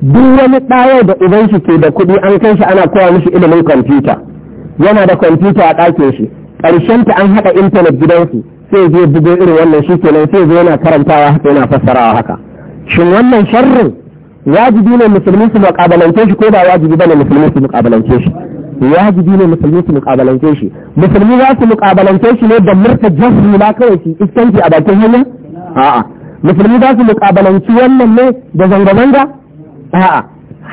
duk wani ɗaya da uban shi ke da kuɗi an kai shi ana koya mishi ilimin kwamfuta yana da kwamfuta a ɗakin shi ƙarshen ta an haɗa intanet gidansu sai zai bugo irin wannan shi kenan sai zai yana karantawa haka yana fassarawa haka shin wannan sharrin wajibi ne musulmi su muƙabalance shi ko ba wajibi ba ne musulmi su muƙabalance shi wajibi ne musulmi su muƙabalance shi musulmi za su muƙabalance shi ne da murta jahri ma kawai shi, iskanci a bakin hanya a'a musulmi za su muƙabalanci wannan ne da zanga-zanga a'a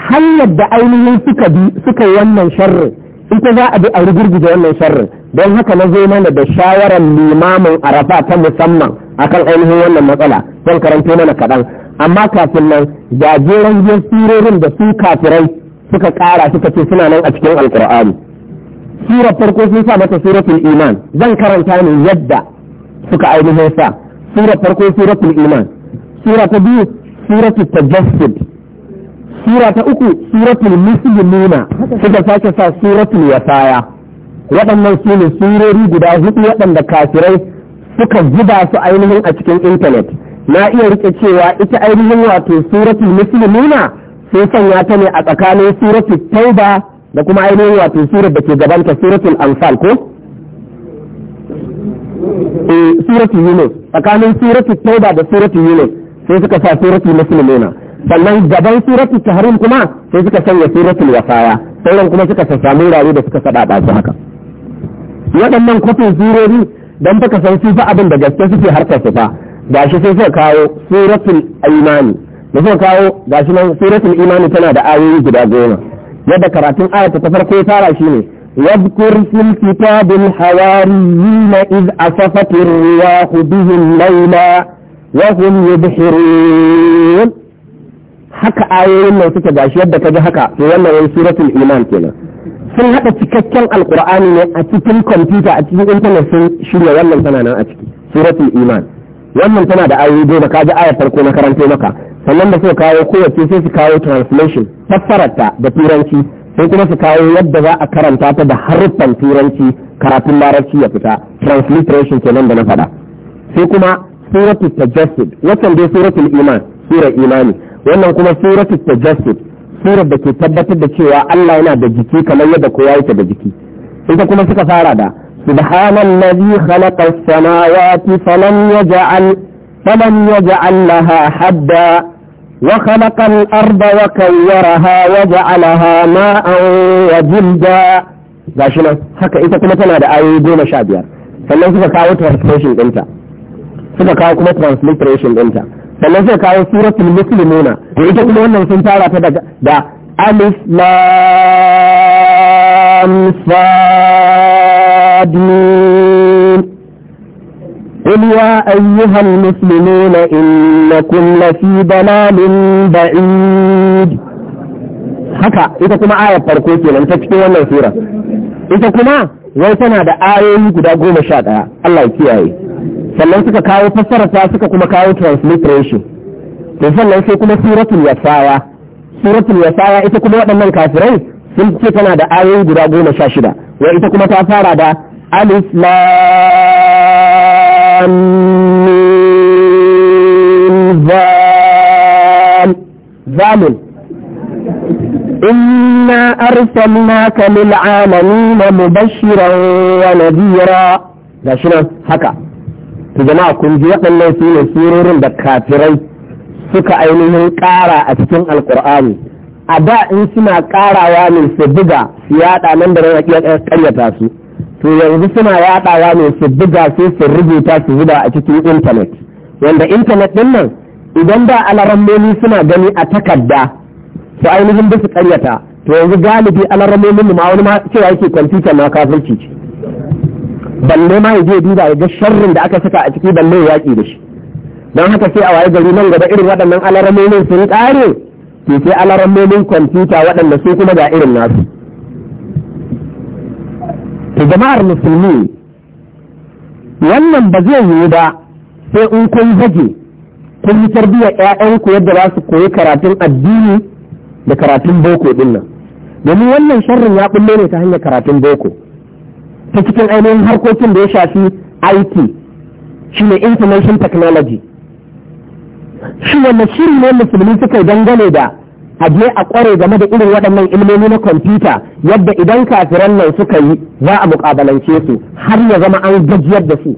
hanyar da ainihin suka bi suka yi wannan sharri ita za a bi a rugurguje wannan sharrin don haka na zo mana da shawarar limamin arafa ta musamman akan ainihin wannan matsala zan karanto mana kaɗan amma kafin nan ga jeren jin surorin da su kafirai suka ƙara suka ce suna nan a cikin alkur'ani sura farko sun sa mata suratul iman zan karanta ne yadda suka ainihin sa sura farko suratul iman sura ta biyu suratul tajassud sura ta uku suratul muslimuna suka sake sa suratul yasaya waɗannan su ne surori guda hudu waɗanda kafirai suka zuba su ainihin a cikin intanet na iya rike cewa ita ainihin wato suratul muslimuna sun sanya ta ne a tsakanin suratul tauba da kuma ainihin wato surar da ke gabanta suratul anfal ko eh, suratul yunus tsakanin suratul tauba da suratul yunus sai suka sa suratul muslimuna sannan gaban suratul tahrim kuma sai suka sanya suratul wasaya sauran kuma suka samu rayu da suka sada su haka waɗannan kwafin zurori don baka san su fa abin da gaske suke harkar su fa gashi sai suka kawo suratul imani da suka kawo gashi nan suratul imani tana da ayoyi guda goma yadda karatun ayata ta farko ya fara shine واذكر في الكتاب الحواريين إذ أصفت الرياح بهم ليلا وهم يبحرون haka ayoyin nan suke gashi yadda ka ji haka to wannan wani suratul iman kenan sun haɗa cikakken alkur'ani ne a cikin kwamfuta a cikin intanet sun shirya wannan tana nan a ciki suratul iman wannan tana da ayoyi goma ji ayar farko na karanto maka sannan da suka kawo kowace sai su kawo translation fassararta da turanci sai kuma su kawo yadda za a karanta ta da haruffan turanci karatun larabci ya fita transliteration kenan da na faɗa sai kuma suratul tajassud wannan dai suratul iman surar imani wannan kuma suratul tajassud surar da ke tabbatar da cewa Allah yana da jiki kamar yadda kowa yake da jiki ita kuma suka fara da سبحان الذي خلق السماوات فلم يجعل فلم يجعل لها حدا وخلق الأرض وكورها وجعلها ماء وجلدا gashi nan haka ita kuma tana da ayoyi goma sha biyar sannan suka kawo translation ɗinta suka kawo kuma transliteration ɗinta sannan suka kawo suratul muslimuna da ita kuma wannan sun tara ta da alif lam صاد قل يا أيها المسلمون إنكم لفي ضلال بعيد haka ita kuma ayar farko kenan ta cikin wannan sura ita kuma wai tana da ayoyi guda goma sha ɗaya Allah ya kiyaye sannan suka kawo fassara ta suka kuma kawo transliteration to sannan sai kuma suratul yasaya suratul yasaya ita kuma waɗannan kafirai sun ce tana da ayoyi guda goma sha shida wa ita kuma ta fara da alif lam zalim إنا أرسلناك للعالمين مبشرا ونذيرا شنو هكا jama'a kun ji waɗannan su ne surorin da kafirai suka ainihin ƙara a cikin alƙur'ani a da in suna karawa ne su buga su yada nan da nan a karyata su to yanzu suna yadawa ne su buga sai su rubuta su zuba a cikin intanet wanda intanet ɗin nan idan da alarammomi suna gani a takarda su ainihin ba su karyata to yanzu galibi alarammomin ma wani ma cewa yake kwamfuta ma kafirci ce balle ma yaje duba ya ga sharrin da aka saka a ciki balle yaƙi da shi don haka sai a waye gari nan gaba irin waɗannan alarammomin sun ƙare ke sai alarammomin kwamfuta waɗanda su kuma ga irin nasu to jama'ar musulmi wannan ba zai yiwu ba sai in kun zage kun yi tarbiyyar 'ya'yanku yadda za su koyi karatun addini da karatun boko din domin wannan sharrin ya bulle ne ta hanyar karatun boko ta cikin ainihin harkokin da ya shafi IT ne information technology shi wanne shiri ne musulmi suka dangane da aje a kware game da irin waɗannan ilmomi na kwamfuta yadda idan kafiran nan suka yi za a muƙabalance su har ya zama an gajiyar da su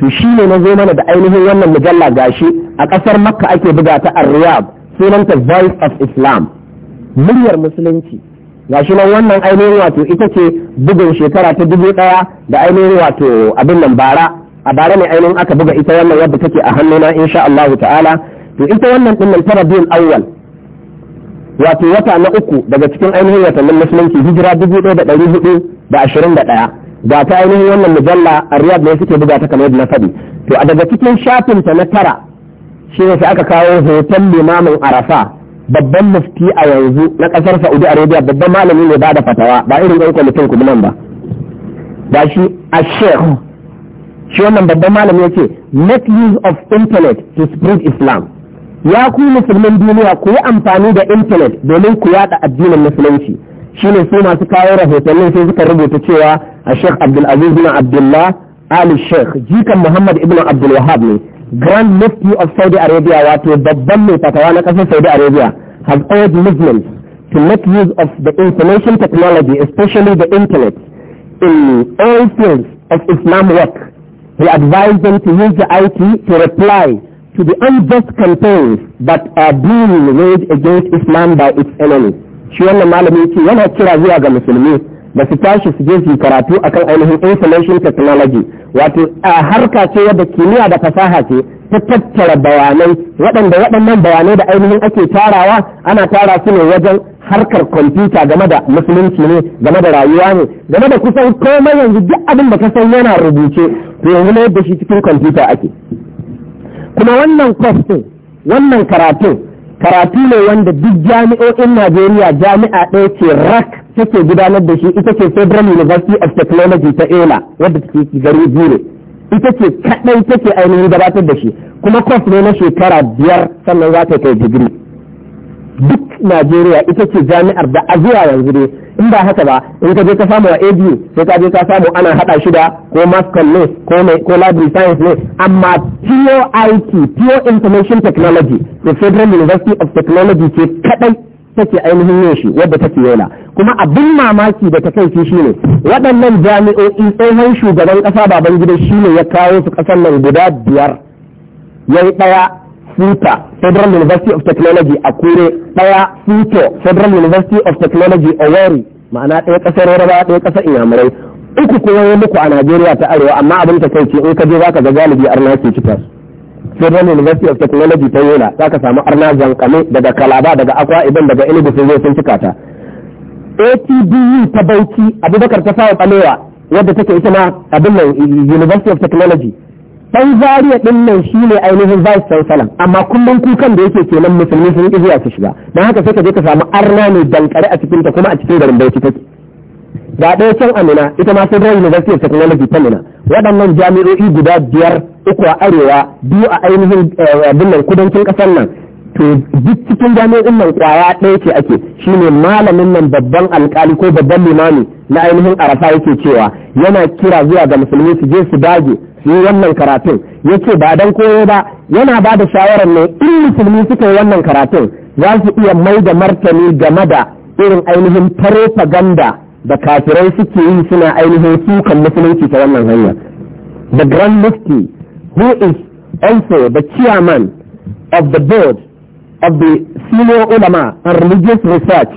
to shi ne na zo mana da ainihin wannan mujalla gashi a ƙasar makka ake buga ta ar-riyab sunanta voice of islam muryar musulunci gashi nan wannan ainihin wato ita ce bugun shekara ta dubu ɗaya da ainihin wato abin nan bara a bara ne ainihin aka buga ita wannan wadda take a hannuna insha Allahu ta'ala to ita wannan din nan tara biyun awwal wato wata na uku daga cikin ainihin watannin musulunci hijira dubu ɗaya da ɗari hudu da ashirin da ɗaya ga ta ainihin wannan mujalla a riyad ne suke buga ta kamar na faɗi to a daga cikin shafin ta na tara shi ne sai aka kawo hoton limamin arafa babban mufti a yanzu na ƙasar saudi arabia babban malami ne ba da fatawa ba irin ɗan kwamitin kuma nan ba ba shi a sheikh shi wannan babban malami ya ce make use of internet to spread islam ya ku musulmin duniya ku yi amfani da intanet domin ku yada addinin musulunci shine su masu kawo rahotannin sai suka rubuta cewa a sheikh abdulaziz bin abdullah ali sheikh jikan muhammad ibn abdul wahab ne grand mufti of saudi arabia wato babban mai fatawa na kasar saudi arabia has urged muslims to make use of the information technology especially the internet in all fields of islam work he advised them to use the it to reply to the unjust campaigns that are being waged against Islam by its enemies. Shi wannan malami ce yana kira zuwa ga musulmi da su tashi su je su karatu akan ainihin information technology wato a harka ce wadda kimiyya da fasaha ce ta tattara bayanai waɗanda waɗannan bayanai da ainihin ake tarawa ana tara su ne wajen harkar kwamfuta game da musulunci ne game da rayuwa ne game da kusan komai yanzu duk abin da ka san yana rubuce to yanzu na da shi cikin kwamfuta ake kuma wannan ɗin, wannan karatu, karatu ne wanda duk jami'o'in najeriya jami'a ɗaya ce rak take gudanar da shi ita ce federal university of technology ta ela wadda take gari jure ita ce kaɗai take ainihin gabatar da shi kuma kwas ne na shekara biyar sannan za ta kai digiri duk najeriya ita ce jami'ar da a zuwa yanzu dai in ba haka ba in ka je ka samu a ABU sai ka je ka samu ana hada shi da ko maskal ne ko mai ko library science ne amma POIT pure information technology the Federal University of Technology ce kadai take ainihin yin shi wadda take yola kuma abin mamaki da ta kai shi ne waɗannan jami'o'i tsohon shugaban ƙasa baban gida ne ya kawo su ƙasar nan guda biyar yayi ɗaya FUTA Federal University of Technology a Kure ɗaya FUTO Federal University of Technology wari ma'ana ɗaya ƙasar Yaraba ɗaya ƙasar Inyamurai uku kuma yi muku a Najeriya ta Arewa amma abin ta kai ce in ka je ka ga galibi arna ke cika Federal University of Technology ta Yola zaka samu arna zankame daga Kalaba daga Akwa Ibom daga Enugu sun zo sun cika ta ATBU ta Bauchi Abubakar ta sawa Balewa wadda take ita ma abin nan University of Technology dan zariya din nan shine ainihin vice chancellor amma kullum kukan da yake kenan musulmi sun iya zuwa su shiga dan haka sai ka je ka samu arna ne dankare a cikin ta kuma a cikin garin Bauchi take ga ɗaya can Amina ita ma Federal University of Technology ta Mina waɗannan jami'o'i guda biyar uku a arewa biyu a ainihin eh, abin kudancin ƙasar nan to duk cikin jami'in nan kwaya ɗaya ce ake shine malamin nan babban alkali ko babban limami na ainihin arafa yake cewa yana kira zuwa ga musulmi su je su dage yi wannan karatun yace ba dan koyo ba yana ba da shawarar ne in musulmi suka yi wannan karatun za su iya mai da martani game da irin ainihin propaganda da kafirai suke yi suna ainihin sukan musulunci ta wannan hanyar the grand mufti who is also the chairman of the board of the senior ulama and religious research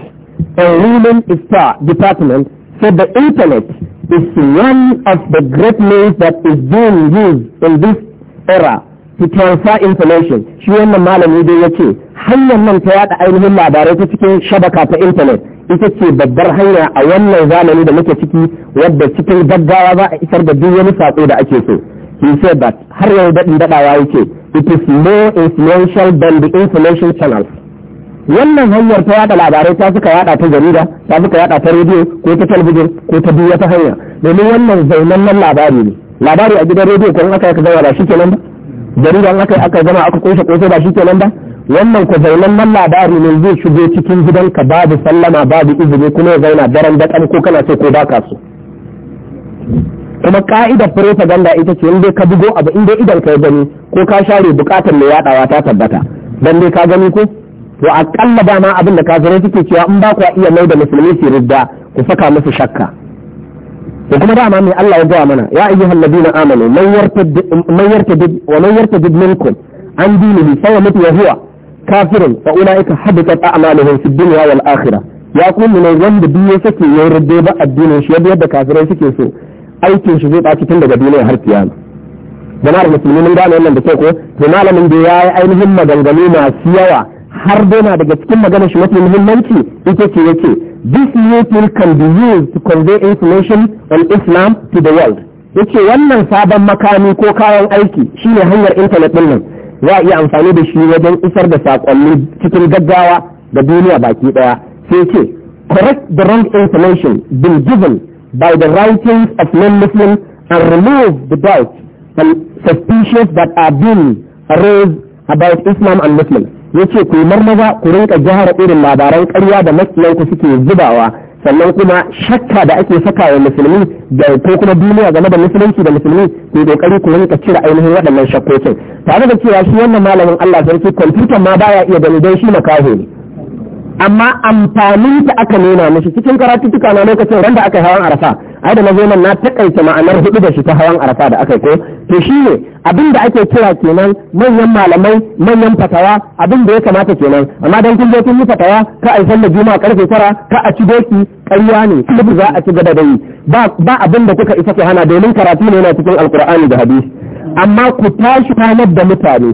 and women star department So the internet is one of the great means that is being used in this era to transfer information shi wannan malami dai ya ce hanyar nan ta yada ainihin labarai ta cikin shabaka ta intanet ita ce babbar hanya a wannan zamani da muke ciki wadda cikin gaggawa za a isar da duk wani saƙo da ake so he said that har yau daɗin daɗawa yake it is more influential than the information channels wannan hanyar ta yada labarai ta suka yada ta jarida ta suka yada ta rediyo ko ta talabijin ko ta duk wata hanya domin wannan zaunannen labari ne labari a gidan rediyo ko in aka yaka zama ba shi kenan ba jarida in aka aka zama aka koshe koshe ba shi kenan ba wannan ko zaunannen labari ne zai shigo cikin gidan ka babu sallama babu izini kuma ya zauna daren da ko kana so ko baka so kuma ka'idar propaganda ita ce inda ka bugo abu inda idan ka gani ko ka share bukatar mai yadawa ta tabbata dan dai ka gani ko to aƙalla dama abin da kafirai suke cewa in ba ku iya mai da musulmi su ridda ku saka musu shakka ko kuma dama mai Allah ya gaya mana ya ayyuhal ladina amanu man yartad man yartad wa man yartad minkum an dinihi fa yamut wa huwa kafirun fa ulaika habitat a'maluhum fid dunya wal akhirah ya kuma ne wanda duk ya sake ya ridda ba addinin shi yadda kafirai suke so aikin shi zai ɓaci tun daga duniya har kiyama jama'ar musulmi mun gane wannan da kyau ko to malamin da ya yi ainihin maganganu masu yawa har na daga cikin magana shi mafi muhimmanci ita ce yake this new tool can be used to convey information on Islam to the world yace wannan sabon makami ko kayan aiki shine hanyar internet din nan za a iya amfani da shi wajen isar da saƙonni cikin gaggawa da duniya baki ɗaya sai ce correct the wrong information been given by the writings of non muslim and remove the doubts and suspicions that are being raised about Islam and Muslims ya ce ku marmaza ku rinka jihar irin labaran karya da makiyanku suke zubawa sannan kuma shakka da ake saka wa musulmi da ko kuma duniya game da musulunci da musulmi ku ƙoƙari ku rinka cire ainihin waɗannan shakkokin tare da cewa shi wannan malamin Allah sarki kwamfuta ma baya iya gani don shi makaho ne amma amfanin ta aka nuna mashi cikin tuka na lokacin randa aka yi hawan arafa ai da nazo nan na takaita ma'anar hudu da shi ta hawan arafa da aka yi ko to shi ne abin da ake kira kenan manyan malamai manyan fatawa abin da ya kamata kenan amma dan kun je kun yi fatawa ka a sallar juma'a karfe tara ka a ci doki ƙarya ne kuma za a ci gaba da yi ba ba abin da kuka isa ku hana domin karatu ne yana cikin alkur'ani da hadisi amma ku tashi ranar da mutane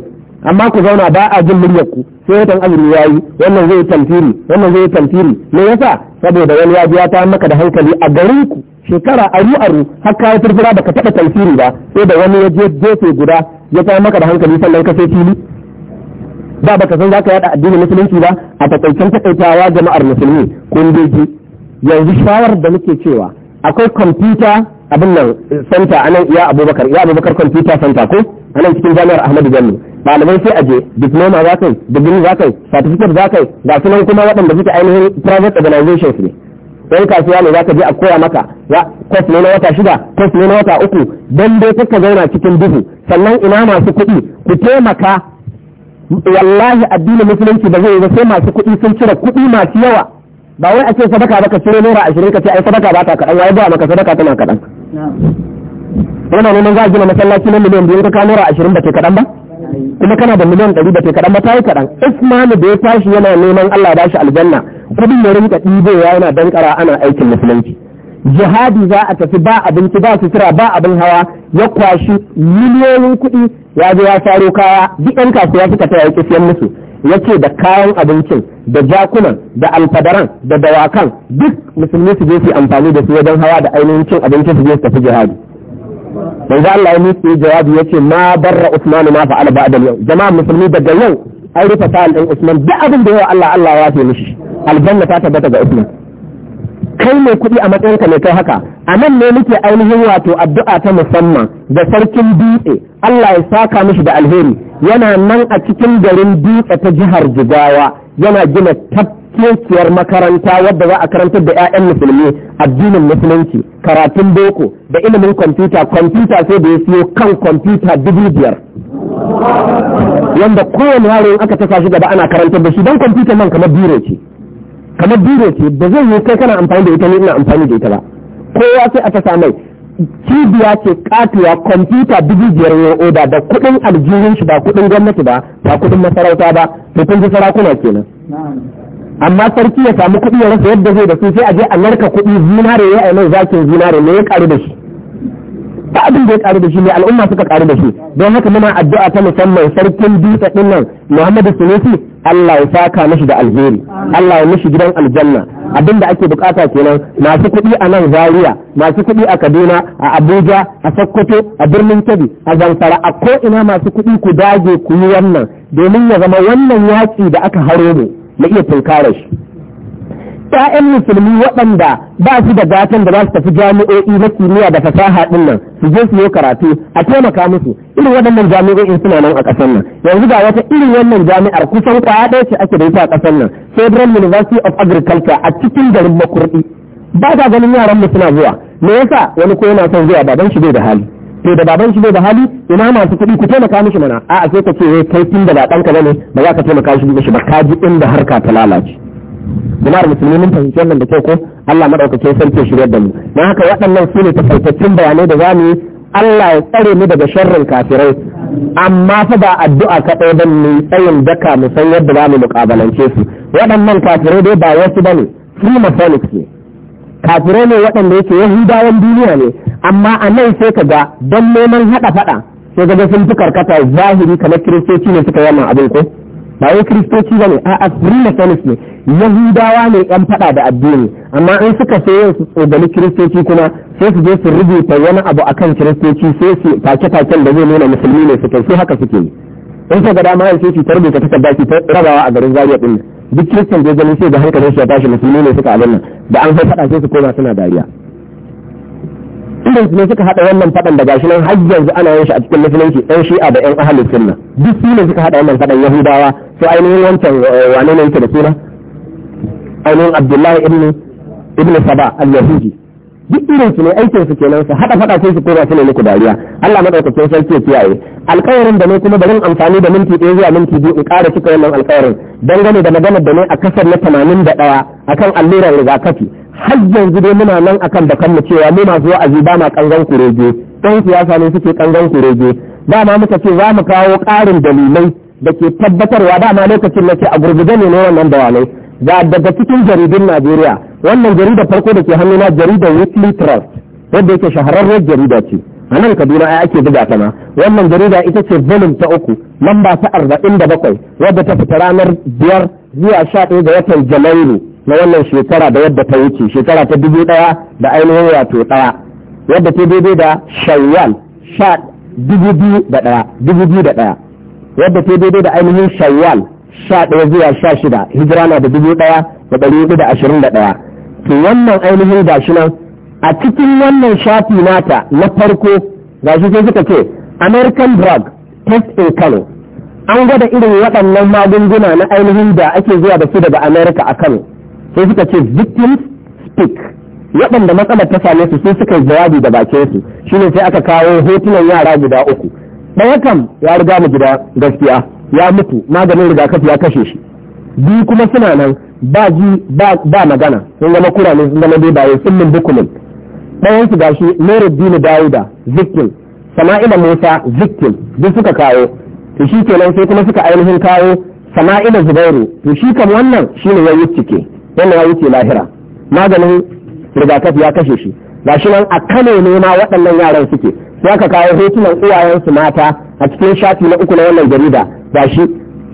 amma ku zauna ba a jin muryar ku sai watan azumi ya yi wannan zai tantiri wannan zai tantiri me yasa saboda wani ya biya ta maka da hankali a garin ku shekara aru aru har ka yi furfura baka taɓa tantiri ba sai da wani ya je gefe guda ya ta maka da hankali sannan ka sai fili ba baka san zaka yada addinin musulunci ba a takaicen takaitawa jama'ar musulmi kun dai yanzu shawar da muke cewa akwai kwamfuta abin nan santa eh, anan iya abubakar iya abubakar kwamfuta santa ko nan cikin jami'ar Ahmadu Bello malamai sai aje diploma za kai digiri za kai certificate za kai ga sunan kuma waɗanda suke ainihin private organizations ne yan kasuwa ne za ka je a koya maka kwas ne na wata shida kwas ne na wata uku don dai kuka zauna cikin duhu sannan ina masu kuɗi ku taimaka wallahi addinin musulunci ba zai yi ba sai masu kuɗi sun cire kuɗi masu yawa ba wai a ce sadaka ba ka cire naira ashirin ka ce ai sadaka ba ta kaɗan wai ba maka sadaka tana kaɗan yana neman za a gina masallaci na miliyan biyu ka kawo naira ashirin ba ke kaɗan ba kuma kana da miliyan ɗari ba ke kaɗan ba ta yi kaɗan ismanu da ya tashi yana neman allah ba shi aljanna kudin ya rinka ɗibowa yana dankara ana aikin musulunci jihadi za a tafi ba abinci ba sutura ba abin hawa ya kwashi miliyoyin kuɗi ya zo ya faro kaya duk ɗan kasuwa suka taya ya siyan musu ya ce da kayan abincin da jakunan da alfadaran da dawakan duk musulmi su je su amfani da su wajen hawa da ainihin cin abinci su je su tafi jihadi manzo Allah ya nufi jawabi yace ma barra Usman ma fa'ala ba'da yau jama'a musulmi daga yau an rufe fa'al ɗin Usman duk abin da yawa Allah Allah ya fi mishi aljanna ta tabbata ga Usman kai mai kuɗi a matsayinka mai kai haka a nan ne muke ainihin wato addu'a ta musamman da sarkin dutse Allah ya saka mishi da alheri yana nan a cikin garin dutse ta jihar Jigawa yana gina tab tsaftaciyar makaranta wadda za a karantar da 'ya'yan musulmi addinin musulunci karatun boko da ilimin kwamfuta kwamfuta sai da ya siyo kan kwamfuta dubu biyar wanda kowane yaro aka tafa shi gaba ana karantar da shi don kwamfuta nan kamar biro ce kamar biro ce da zai yi kai kana amfani da ita ne ina amfani da ita ba kowa sai a tasa mai cibiya ce katuwa kwamfuta dubu biyar ne oda da kuɗin aljihun shi ba kuɗin gwamnati ba ba kuɗin masarauta ba mutum ji sarakuna kenan amma sarki ya samu kuɗi ya rasa yadda zai da su sai a je a narka kuɗi zinare ya yi mai zakin zinare ne ya ƙaru da shi ba abin da ya ƙaru da shi ne al'umma suka ƙaru da shi don haka muna addu'a ta musamman sarkin dutse ɗin nan Muhammadu Sunusi Allah ya saka mashi da alheri Allah ya mishi gidan aljanna abinda ake bukata kenan masu kuɗi a nan zariya masu kuɗi a Kaduna a Abuja a Sokoto a birnin Kebbi a Zamfara a ko ina masu kuɗi ku dage ku yi wannan domin ya zama wannan yaƙi da aka haro mu na iya tunkarar shi ƴaƴan musulmi waɗanda ba su da gatan da za su tafi jami'o'i na kimiyya da fasaha ɗinnan nan su je su yi karatu a taimaka musu irin waɗannan jami'o'in suna nan a ƙasar nan yanzu ga wata irin wannan jami'ar kusan kwaya ɗaya ce ake da ita a ƙasar nan federal university of agriculture a cikin garin makurɗi ba ta ganin yaran mu suna zuwa me yasa wani ko yana son zuwa ba don shi bai da hali to da baban shi bai da hali ina masu kuɗi ku taimaka mishi mana a sai ka ce wai eh, kai tun da ba ka bane ba za ka taimaka shi mishi ba ka ji inda harka ta lalace jama'ar musulmi mun fahimci wannan da kyau ko Allah san sarki shi da mu na haka waɗannan su ne tafaitaccen bayanai da za mu yi Allah ya tsare mu daga sharrin kafirai amma fa ba addu'a kaɗai ba mu tsayin daka mu san yadda za mu muƙabalance su waɗannan kafirai dai ba wasu ba ne su masonic ne kafirai ne waɗanda yake yahudawan duniya ne amma a nan sai ka ga don neman haɗa faɗa sai ga sun fi karkata zahiri kamar kiristoci ne suka yamma abin ko ba wai kiristoci ba ne a'a sanis ne yahudawa ne yan faɗa da addini amma in suka sai yin su tsogani kiristoci kuma sai su je su rubuta wani abu akan kiristoci sai su take-taken da zai nuna musulmi ne suke sai haka suke yi in ka ga dama sai su tarbe ta takarda ta rabawa a garin zariya din duk kiristan da ya gani sai da hankalin shi ya tashi musulmi ne suka abin nan da an sai faɗa sai su koma suna dariya irin su ne suka hada wannan fadan da gashi nan har yanzu ana yin shi a cikin musulunci ɗan shi'a da ɗan ahalin sunna duk su ne suka hada wannan fadan yahudawa su ainihin wancan eh, wane ne yake da suna ainihin abdullahi ibn ibn saba al-yahudi duk irin su ne aikin su kenan su hada fada sai su koma su ne muku dariya Allah madaukakin sarki ya kiyaye alƙawarin da ne kuma bari amfani da minti ɗaya zuwa minti biyu in ƙara cika wannan alƙawarin dangane da maganar da ne a kasar na 81 akan allurar rigakafi har yanzu dai muna nan akan da kanmu cewa mu masu wa'azi ba ma kangan kurege ɗan siyasa ne suke kangan kurege ba ma muka ce za mu kawo ƙarin dalilai da ke tabbatarwa ba ma lokacin na ce a gurguje ne na wannan bayanai ga daga cikin jaridun Najeriya wannan jarida farko da ke hannu na jaridar Weekly Trust wadda yake shahararren jarida ce a nan Kaduna ai ake buga ta ma wannan jarida ita ce volume ta uku lamba ta arba'in da bakwai wadda ta fita ranar biyar zuwa sha ɗaya ga watan Janairu na wannan shekara da yadda ta wuce shekara ta dubu ɗaya da ainihin wato ɗaya wadda ta daidai da shawwal sha dubu biyu da dubu biyu da ɗaya wadda ta daidai da ainihin shawwal sha ɗaya zuwa sha shida hijira na da dubu ɗaya da ɗari hudu da ashirin da ɗaya to wannan ainihin gashi nan a cikin wannan shafi nata na farko gashi sai suka ce american drug test in kano an gwada irin waɗannan magunguna na ainihin da ake zuwa da su daga america a kano sai suka ce victims speak waɗanda matsalar ta same su sun suka yi jawabi da bakin su shine sai aka kawo hotunan yara guda uku ɗaya kam ya riga mu gida gaskiya ya mutu maganin rigakafi ya kashe shi biyu kuma suna nan ba ji ba magana sun zama kurane sun zama bebaye sun min bukumin ɗayan su gashi Nuruddin Dawuda victim Sama'ila Musa victim duk suka kawo to shi kenan sai kuma suka ainihin kawo Sama'ila Zubairu to shi kam wannan shine ya yi cike wannan ya wuce lahira maganin rigakafi ya kashe shi gashi nan a kano ne ma waɗannan yaran suke sai aka kawo hotunan uwayensu mata a cikin shafi na uku na wannan jarida gashi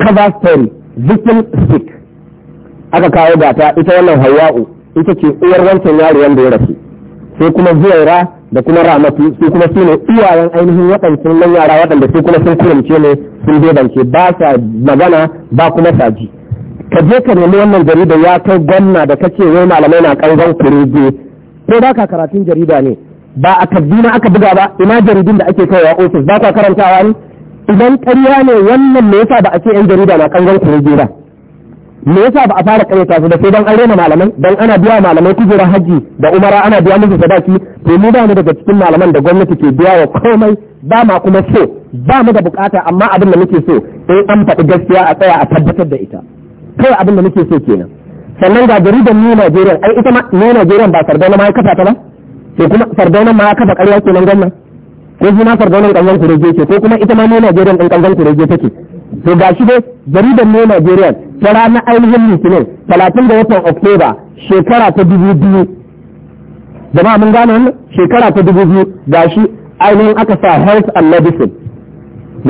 cover story victim sick aka kawo gata ita wannan hawa'u ita ce uwar wancan yaro wanda ya rasu sai kuma zuwaira da kuma ramatu su kuma su ne iyayen ainihin waɗancan nan yara waɗanda su kuma sun kurance ne sun bebance ba sa magana ba kuma saji ka je ka nemi wannan jarida ya kai gwamna da kake wai malamai na kangon kurege ko ba ka karatun jarida ne ba a na aka buga ba ina jaridun da ake kaiwa ofis ba ka karantawa ne idan karya ne wannan me yasa ba a ce yan jarida na kangon kurege ba me yasa ba a fara karyata su da sai dan an malamai dan ana biya malamai kujerar hajji da umara ana biya musu sadaki to mu ba mu daga cikin malaman da gwamnati ke biya wa komai ba ma kuma so ba mu da bukata amma abin da muke so in an faɗi gaskiya a tsaya a tabbatar da ita kawai abin da muke so kenan sannan ga jaridar new nigerian ai ita ma new nigerian ba sardauna ma ya kafa ta ba sai kuma sardauna ma ya kafa ƙarya kenan gwamnan ko kuma sardaunan ƙanzon kurege ce ko kuma ita ma new nigerian ɗin ƙanzon kurege take to ga shi dai jaridar new nigerian ta rana ainihin litinin talatin da watan oktoba shekara ta dubu biyu jama'a mun gane wannan shekara ta dubu biyu ga shi ainihin aka sa health and medicine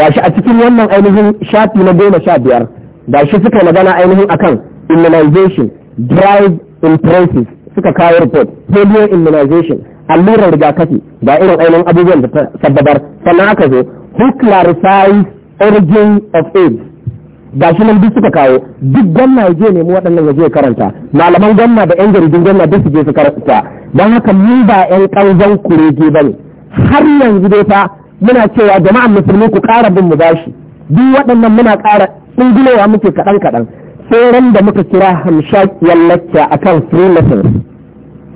ga shi a cikin wannan ainihin shafi na goma sha biyar da shi suka magana ainihin akan immunization drive in impressive suka kawo report polio immunization allurar rigakafi da irin ainihin abubuwan da sababar sannan aka zo who clarifies origin of aids ga shi nan duk suka kawo duk gwamna ya je nemi waɗannan ya je karanta malaman gwamna da 'yan jaridun gwamna duk su je su karanta don haka mu ba 'yan ƙanzon kurege ba ne har yanzu dai fa muna cewa jama'an musulmi ku ƙara bin mu bashi duk waɗannan muna ƙara ɗingilewa muke kaɗan kaɗan sai ran da muka kira hamshakiyar a kan freemasons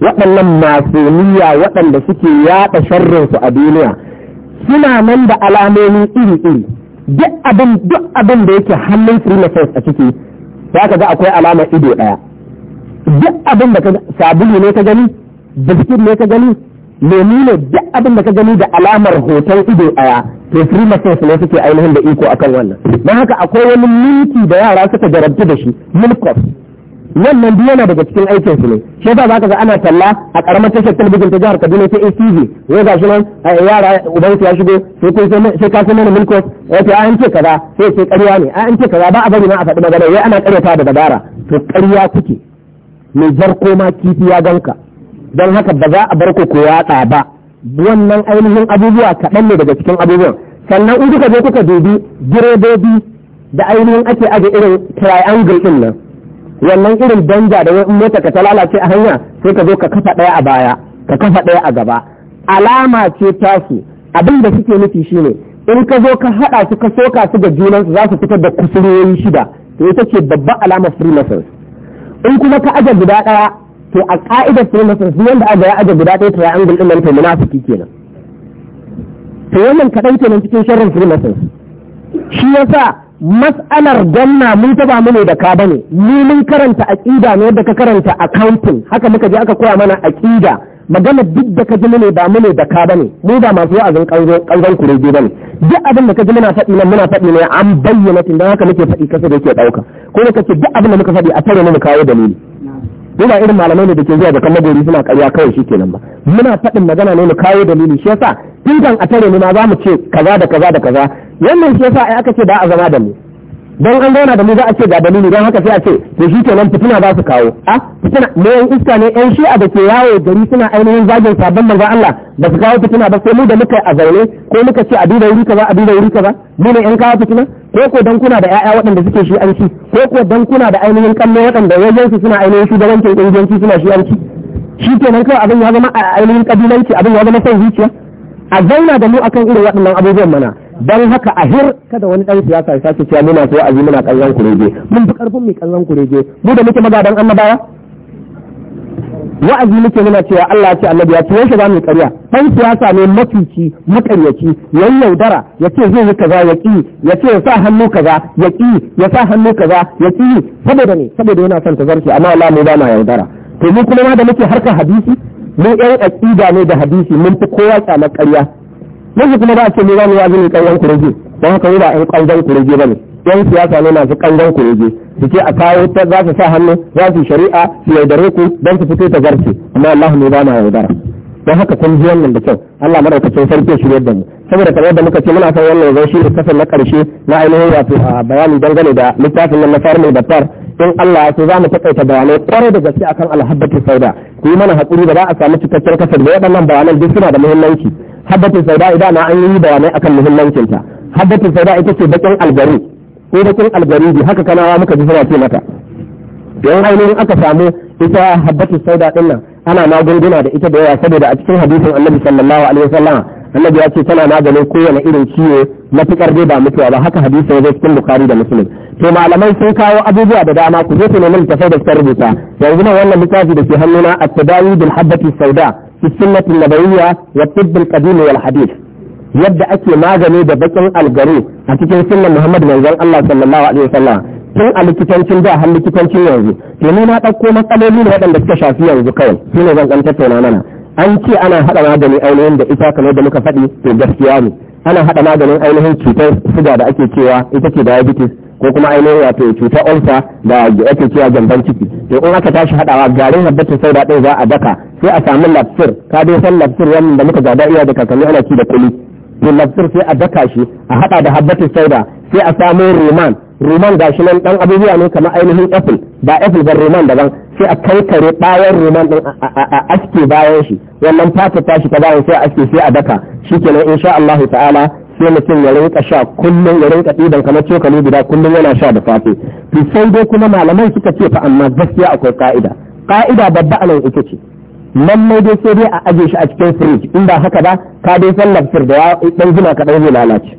waɗannan masoniya waɗanda suke yaɗa sharrinsu a duniya suna nan da alamomi iri-iri duk abin duk abin da yake hannun freemasons a ciki ya ka akwai alama ido ɗaya duk abin da ka sabulu ne ka gani biskit ne ka gani lemu ne duk abin da ka gani da alamar hoton ido ɗaya to freemasons ne suke ainihin da iko akan wannan don haka akwai wani minti da yara suka jarabtu da shi milkos wannan duk yana daga cikin aikin su ne shi yasa zaka ga ana talla a karamar tashar talabijin ta jihar Kaduna ta ACV ne ga shi nan yara uban su ya shigo sai ko sai ka a mana milkos ya ce an ce kaza sai sai ƙarya ne an ce kaza ba a bari na a faɗi magana wai ana ta da dabara to ƙarya kuke mai zarko ma kifi ya ganka don haka ba za a bar ku ku ba wannan ainihin abubuwa kaɗan ne daga cikin abubuwan sannan in kuka je kuka dubi direbobi da ainihin ake aje irin triangle din nan wannan irin danja da wani mota ka ta lalace a hanya sai ka zo ka kafa ɗaya a baya ka kafa ɗaya a gaba alama ce tasu abin da suke nufi shine in ka zo ka haɗa su ka soka su da su za su fitar da kusurwoyi shida to ita ce babban alamar freemasons in kuma ka aje guda ɗaya to a ka'idar freemasons yanda aga ya aje guda ɗaya triangle ɗin nan to munafiki kenan to wannan kaɗan kenan cikin sharrin freemasons shi yasa mas'alar ganna mun taba mu ne da ka bane ni mun karanta aqida ne yadda ka karanta accounting haka muka je aka koya mana aqida magana duk da ka ji mu ne ba mu ne da ka bane mu ba masu wa'azin kanzon ba bane duk abin da ka ji muna faɗi nan muna faɗi ne an bayyana tun haka muke faɗi kasa da yake ɗauka ko da duk abin da muka faɗi a tare mu kawo dalili ko ba irin malamai ne da ke zuwa da kan magori suna karya kawai shi kenan ba muna faɗin magana ne mu kawo dalili shi yasa kan a tare ne ma za mu ce kaza da kaza da kaza wannan shi yasa ai aka ce da a zama da mu don an gauna da mu za a ce ga dalili don haka sai a ce to shi kenan fitina za su kawo a fitina ne yan iska ne yan shi'a da ke yawo gari suna ainihin zagin sabon manzo Allah ba su kawo fitina ba sai mu da muka a zaune ko muka ce a duba wuri kaza a duba wuri kaza mu ne yan kawo fitina ko ko dan kuna da ƴaƴa waɗanda suke shi an ci ko ko dan kuna da ainihin kallo waɗanda wajen su suna ainihin shugabancin ƙungiyanci suna shi an ci shi kenan kawai abin ya zama a ainihin kabilanci abin ya zama son zuciya a zauna da mu akan irin waɗannan abubuwan mana dan haka a hir kada wani ɗan siyasa ya sake cewa muna so azi muna kallon kurege mun fi karfin mai kallon kurege mu da muke magadan annabawa wa'azi muke muna cewa Allah ce allah ya ce yanke za mu ƙarya dan siyasa ne mafici makaryaci yayi yaudara yace zai yi kaza ya ƙi ya ya sa hannu kaza ya ƙi ya sa hannu kaza ya ƙi saboda ne saboda yana son tazarci amma Allah mu ba ma yaudara to mu kuma da muke harkar hadisi mu ɗan aƙida ne da hadisi mun fi kowa kyamar ƙarya yanzu kuma ba a ce mu za mu yi wa'azi ne ƙaryan kurege don haka mu ba ƴan ƙanzon kurege ba ne ƴan siyasa ne masu ƙanzon kurege su ce a kawo ta za su sa hannu za su shari'a su yaudare ku don su fito ta garce amma Allah ne ba ma yaudara don haka kun ji wannan da kyau Allah madaukakin sarki shi da mu saboda kamar da muka ce muna son wannan zai shi kasan na karshe na ainihin wato bayani dangane da littafin nan na farmil battar in Allah ya so za mu takaita bayanai kwarai da gaske akan alhabbatu sauda ku yi mana hakuri da za a samu cikakken kasar da waɗannan bayanan duk suna da muhimmanci habbatu sauda idan na an yi bayanai akan muhimmancinta habbatu sauda ita ce bakin algari ko bakin algaribi haka kanawa muka ji suna ce mata don ainihin aka samu ita habbatu sauda din nan ana magunguna da ita da yawa saboda a cikin hadisin annabi sallallahu alaihi wasallam annabi ya ce tana maganin kowane irin ciwo matukar dai ba mutuwa ba haka hadisi ya zo cikin bukhari da muslim to malamai sun kawo abubuwa da dama ku je ku nemi littafai da suka rubuta yanzu nan wannan littafi da ke hannuna at-tadawi bil habbati sauda fi sunnati nabawiyya wa tibb qadim wal hadith yadda ake magani da bakin algaru a cikin sunan Muhammad manzon Allah sallallahu alaihi wasallam tun a likitancin da har likitancin yanzu to ne na ɗauko matsaloli ne waɗanda suka shafi yanzu kawai su ne zan ɗan tattauna mana an ce ana haɗa maganin ainihin da ita kamar da muka faɗi to gaskiya ne ana haɗa maganin ainihin cutar suga da ake cewa ita ce diabetes ko kuma ainihin wato cutar ulcer da ake cewa jamban ciki to in aka tashi haɗawa garin habbatin sauda ɗin za a daka sai a samu lafsir ka dai san lafsir wannan da muka gada iya da kakanni ana ci da kuli da lafsir sai a daka shi a haɗa da habbatin sauda sai a samo roman roman gashi nan dan abubuwa ne kamar ainihin apple ba apple ba roman daban sai a kankare bayan roman din a aske bayan shi wannan fata tashi ta bayan sai a aske sai a daka shikenan insha Allah ta'ala sai mutum ya rinka sha kullum ya rinka idan kamar cokali guda kullum yana sha da safe to sai dai kuma malaman suka ce fa amma gaskiya akwai ka'ida ka'ida babba alai ita ce mai dai sai dai a aje shi a cikin firij in ba haka ba ka dai san lafsir da dan zuma ka dan zai lalace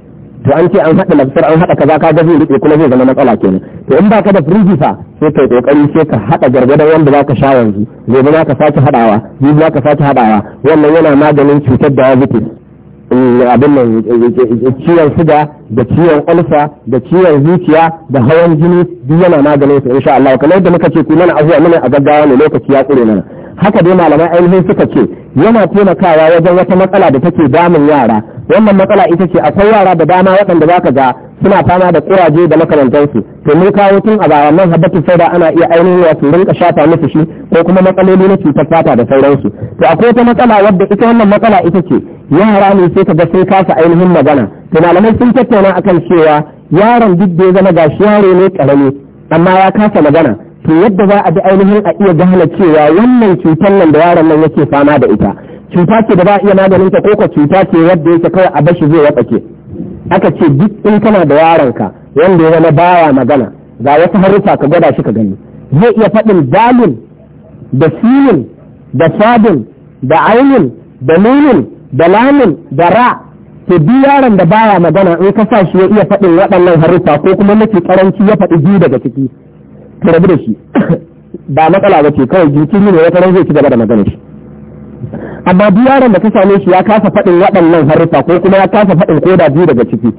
to an ce an haɗa lafsir an haɗa kaza ka ga zai rike kuma zai zama matsala kenan to in baka da firiji fa sai kai kokari sai ka haɗa gargada wanda zaka sha yanzu gobe zaka sake haɗawa gobe zaka sake haɗawa wannan yana maganin cutar da diabetes eh, abin nan eh, ciwon suga da ciwon ulfa da ciwon zuciya da hawan jini duk yana maganin su insha Allah kamar yadda muka ce ku mana azuwa mana a gaggawa ne lokaci ya tsire mana haka dai malaman ainihin suka ce yana taimakawa wajen wata matsala da take damun yara wannan matsala ita ce akwai yara da dama waɗanda za ka ga suna fama da kuraje da makamantansu to mun kawo tun a bayan nan habbatu sauda ana iya ainihin wasu rinka shafa musu shi ko kuma matsaloli na cutar fata da sauransu to akwai wata matsala wadda ita wannan matsala ita ce yara ne sai ka ga sun kasa ainihin magana to malamai sun tattauna akan cewa yaron duk da ya zama gashi yaro ne karami amma ya kasa magana to yadda za a bi ainihin a iya gane cewa wannan cutar nan da yaron nan yake fama da ita cuta ce da ba a iya maganin ta koko cuta ce yadda yake kawai a bashi zai watsake aka ce duk in kana da ka wanda ya zama baya magana ga wasu harufa ka gwada shi ka gani zai iya faɗin dalin da filin da fadin da ainin da nunin da lamin da ra to bi yaron da baya magana in ka sa shi ya iya faɗin waɗannan harufa ko kuma mafi karanci ya faɗi biyu daga ciki ka rabu da shi ba matsala ba ce kawai yi ne wata ran zai ci gaba da magana shi amma duk yaron da ta same shi ya kasa faɗin waɗannan haruffa ko kuma ya kasa faɗin da biyu daga ciki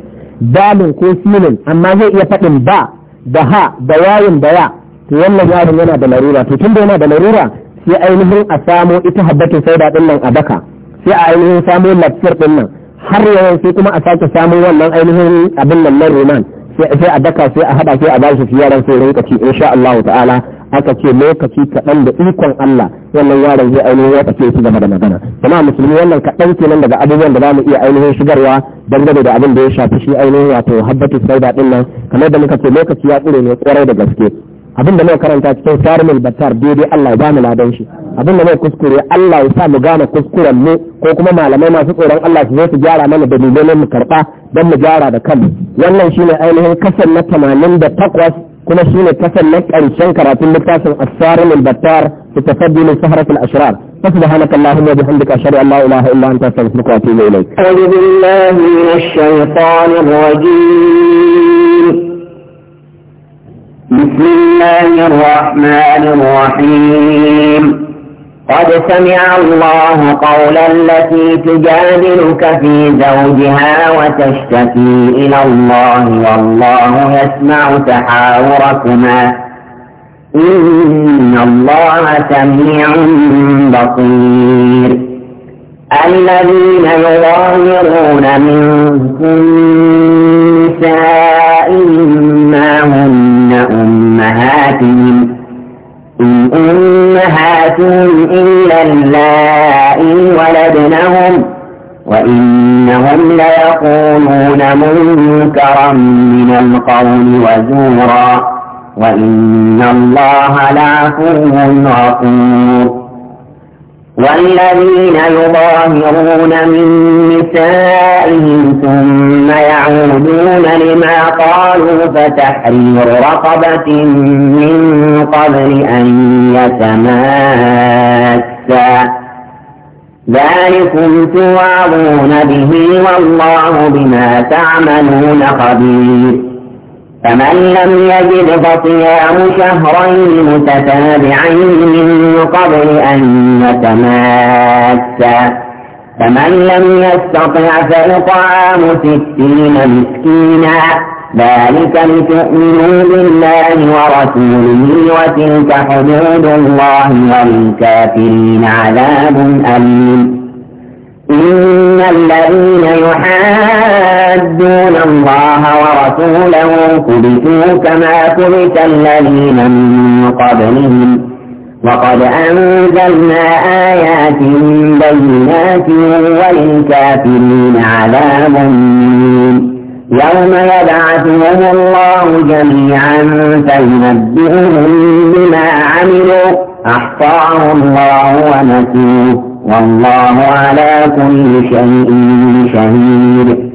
dalin ko silin amma zai iya faɗin ba da ha da wayin da ya to wannan yaron yana da larura to tun da yana da larura sai ainihin a samo ita habbatin sauda din nan a baka sai a ainihin samo lafiyar din nan har yawan sai kuma a sake samo wannan ainihin abin nan na roman sai a daka sai a hada sai a ba shi yaran sai rinka insha Allah ta'ala aka ce lokaci kaɗan da ikon Allah wannan yaron zai ainihin ya tafi su game da magana kuma musulmi wannan kaɗan kenan daga abubuwan da zamu iya ainihin shigarwa dangane da abin da ya shafi shi ainihin wato habbatu sauda din nan kamar da muka ce lokaci ya tsire ne kwarai da gaske abin da muka karanta cikin sarimul battar daidai Allah ya ba mu ladan shi abin da mai kuskure Allah ya sa mu gane kuskuren mu ko kuma malamai masu tsoron Allah su zo su gyara mana dalilai mu karɓa don mu gyara da kanmu wannan shine ainihin kasan na tamanin da takwas kuma shine kasan na ƙarshen karatun littafin asarin albattar su tafaddi min saharatul ashrar فسبحانك اللهم وبحمدك اشهد ان لا اله الا انت استغفرك واتوب اليك. اعوذ بالله من الشيطان الرجيم. بسم الله الرحمن الرحيم. قد سمع الله قول التي تجادلك في زوجها وتشتكي إلى الله والله يسمع تحاوركما إن الله سميع بصير الذين يظاهرون منكم نسائهم ما هن أمهاتهم إن أمهاتهم إلا اللائي ولدنهم وإنهم ليقولون منكرا من القول وزورا وإن الله لعفو غفور والذين يظاهرون من نسائهم ثم يعودون لما قالوا فتحرير رقبة من قبل أن يتماسا ذلكم توعظون به والله بما تعملون خبير فمن لم يجد فصيام شهرين متتابعين من قبل أن يتماسا فمن لم يستطع فإطعام ستين مسكينا ذلك لتؤمنوا بالله ورسوله وتلك حدود الله وللكافرين عذاب أليم إن الذين يحادون الله ورسوله كبتوا كما كبت الذين من قبلهم وقد أنزلنا آيات بينات وللكافرين عذاب مبين يوم يبعثهم الله جميعا فينبئهم بما عملوا أحصاه الله ونسيه والله على كل شيء شهيد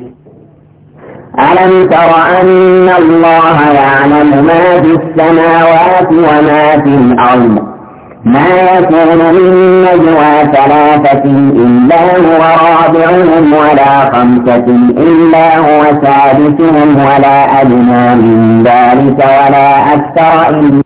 ألم تر أن الله يعلم ما في السماوات وما في الأرض ما يكون من نجوى ثلاثة إلا هو رابعهم ولا خمسة إلا هو سادسهم ولا أدنى من ذلك ولا أكثر إلا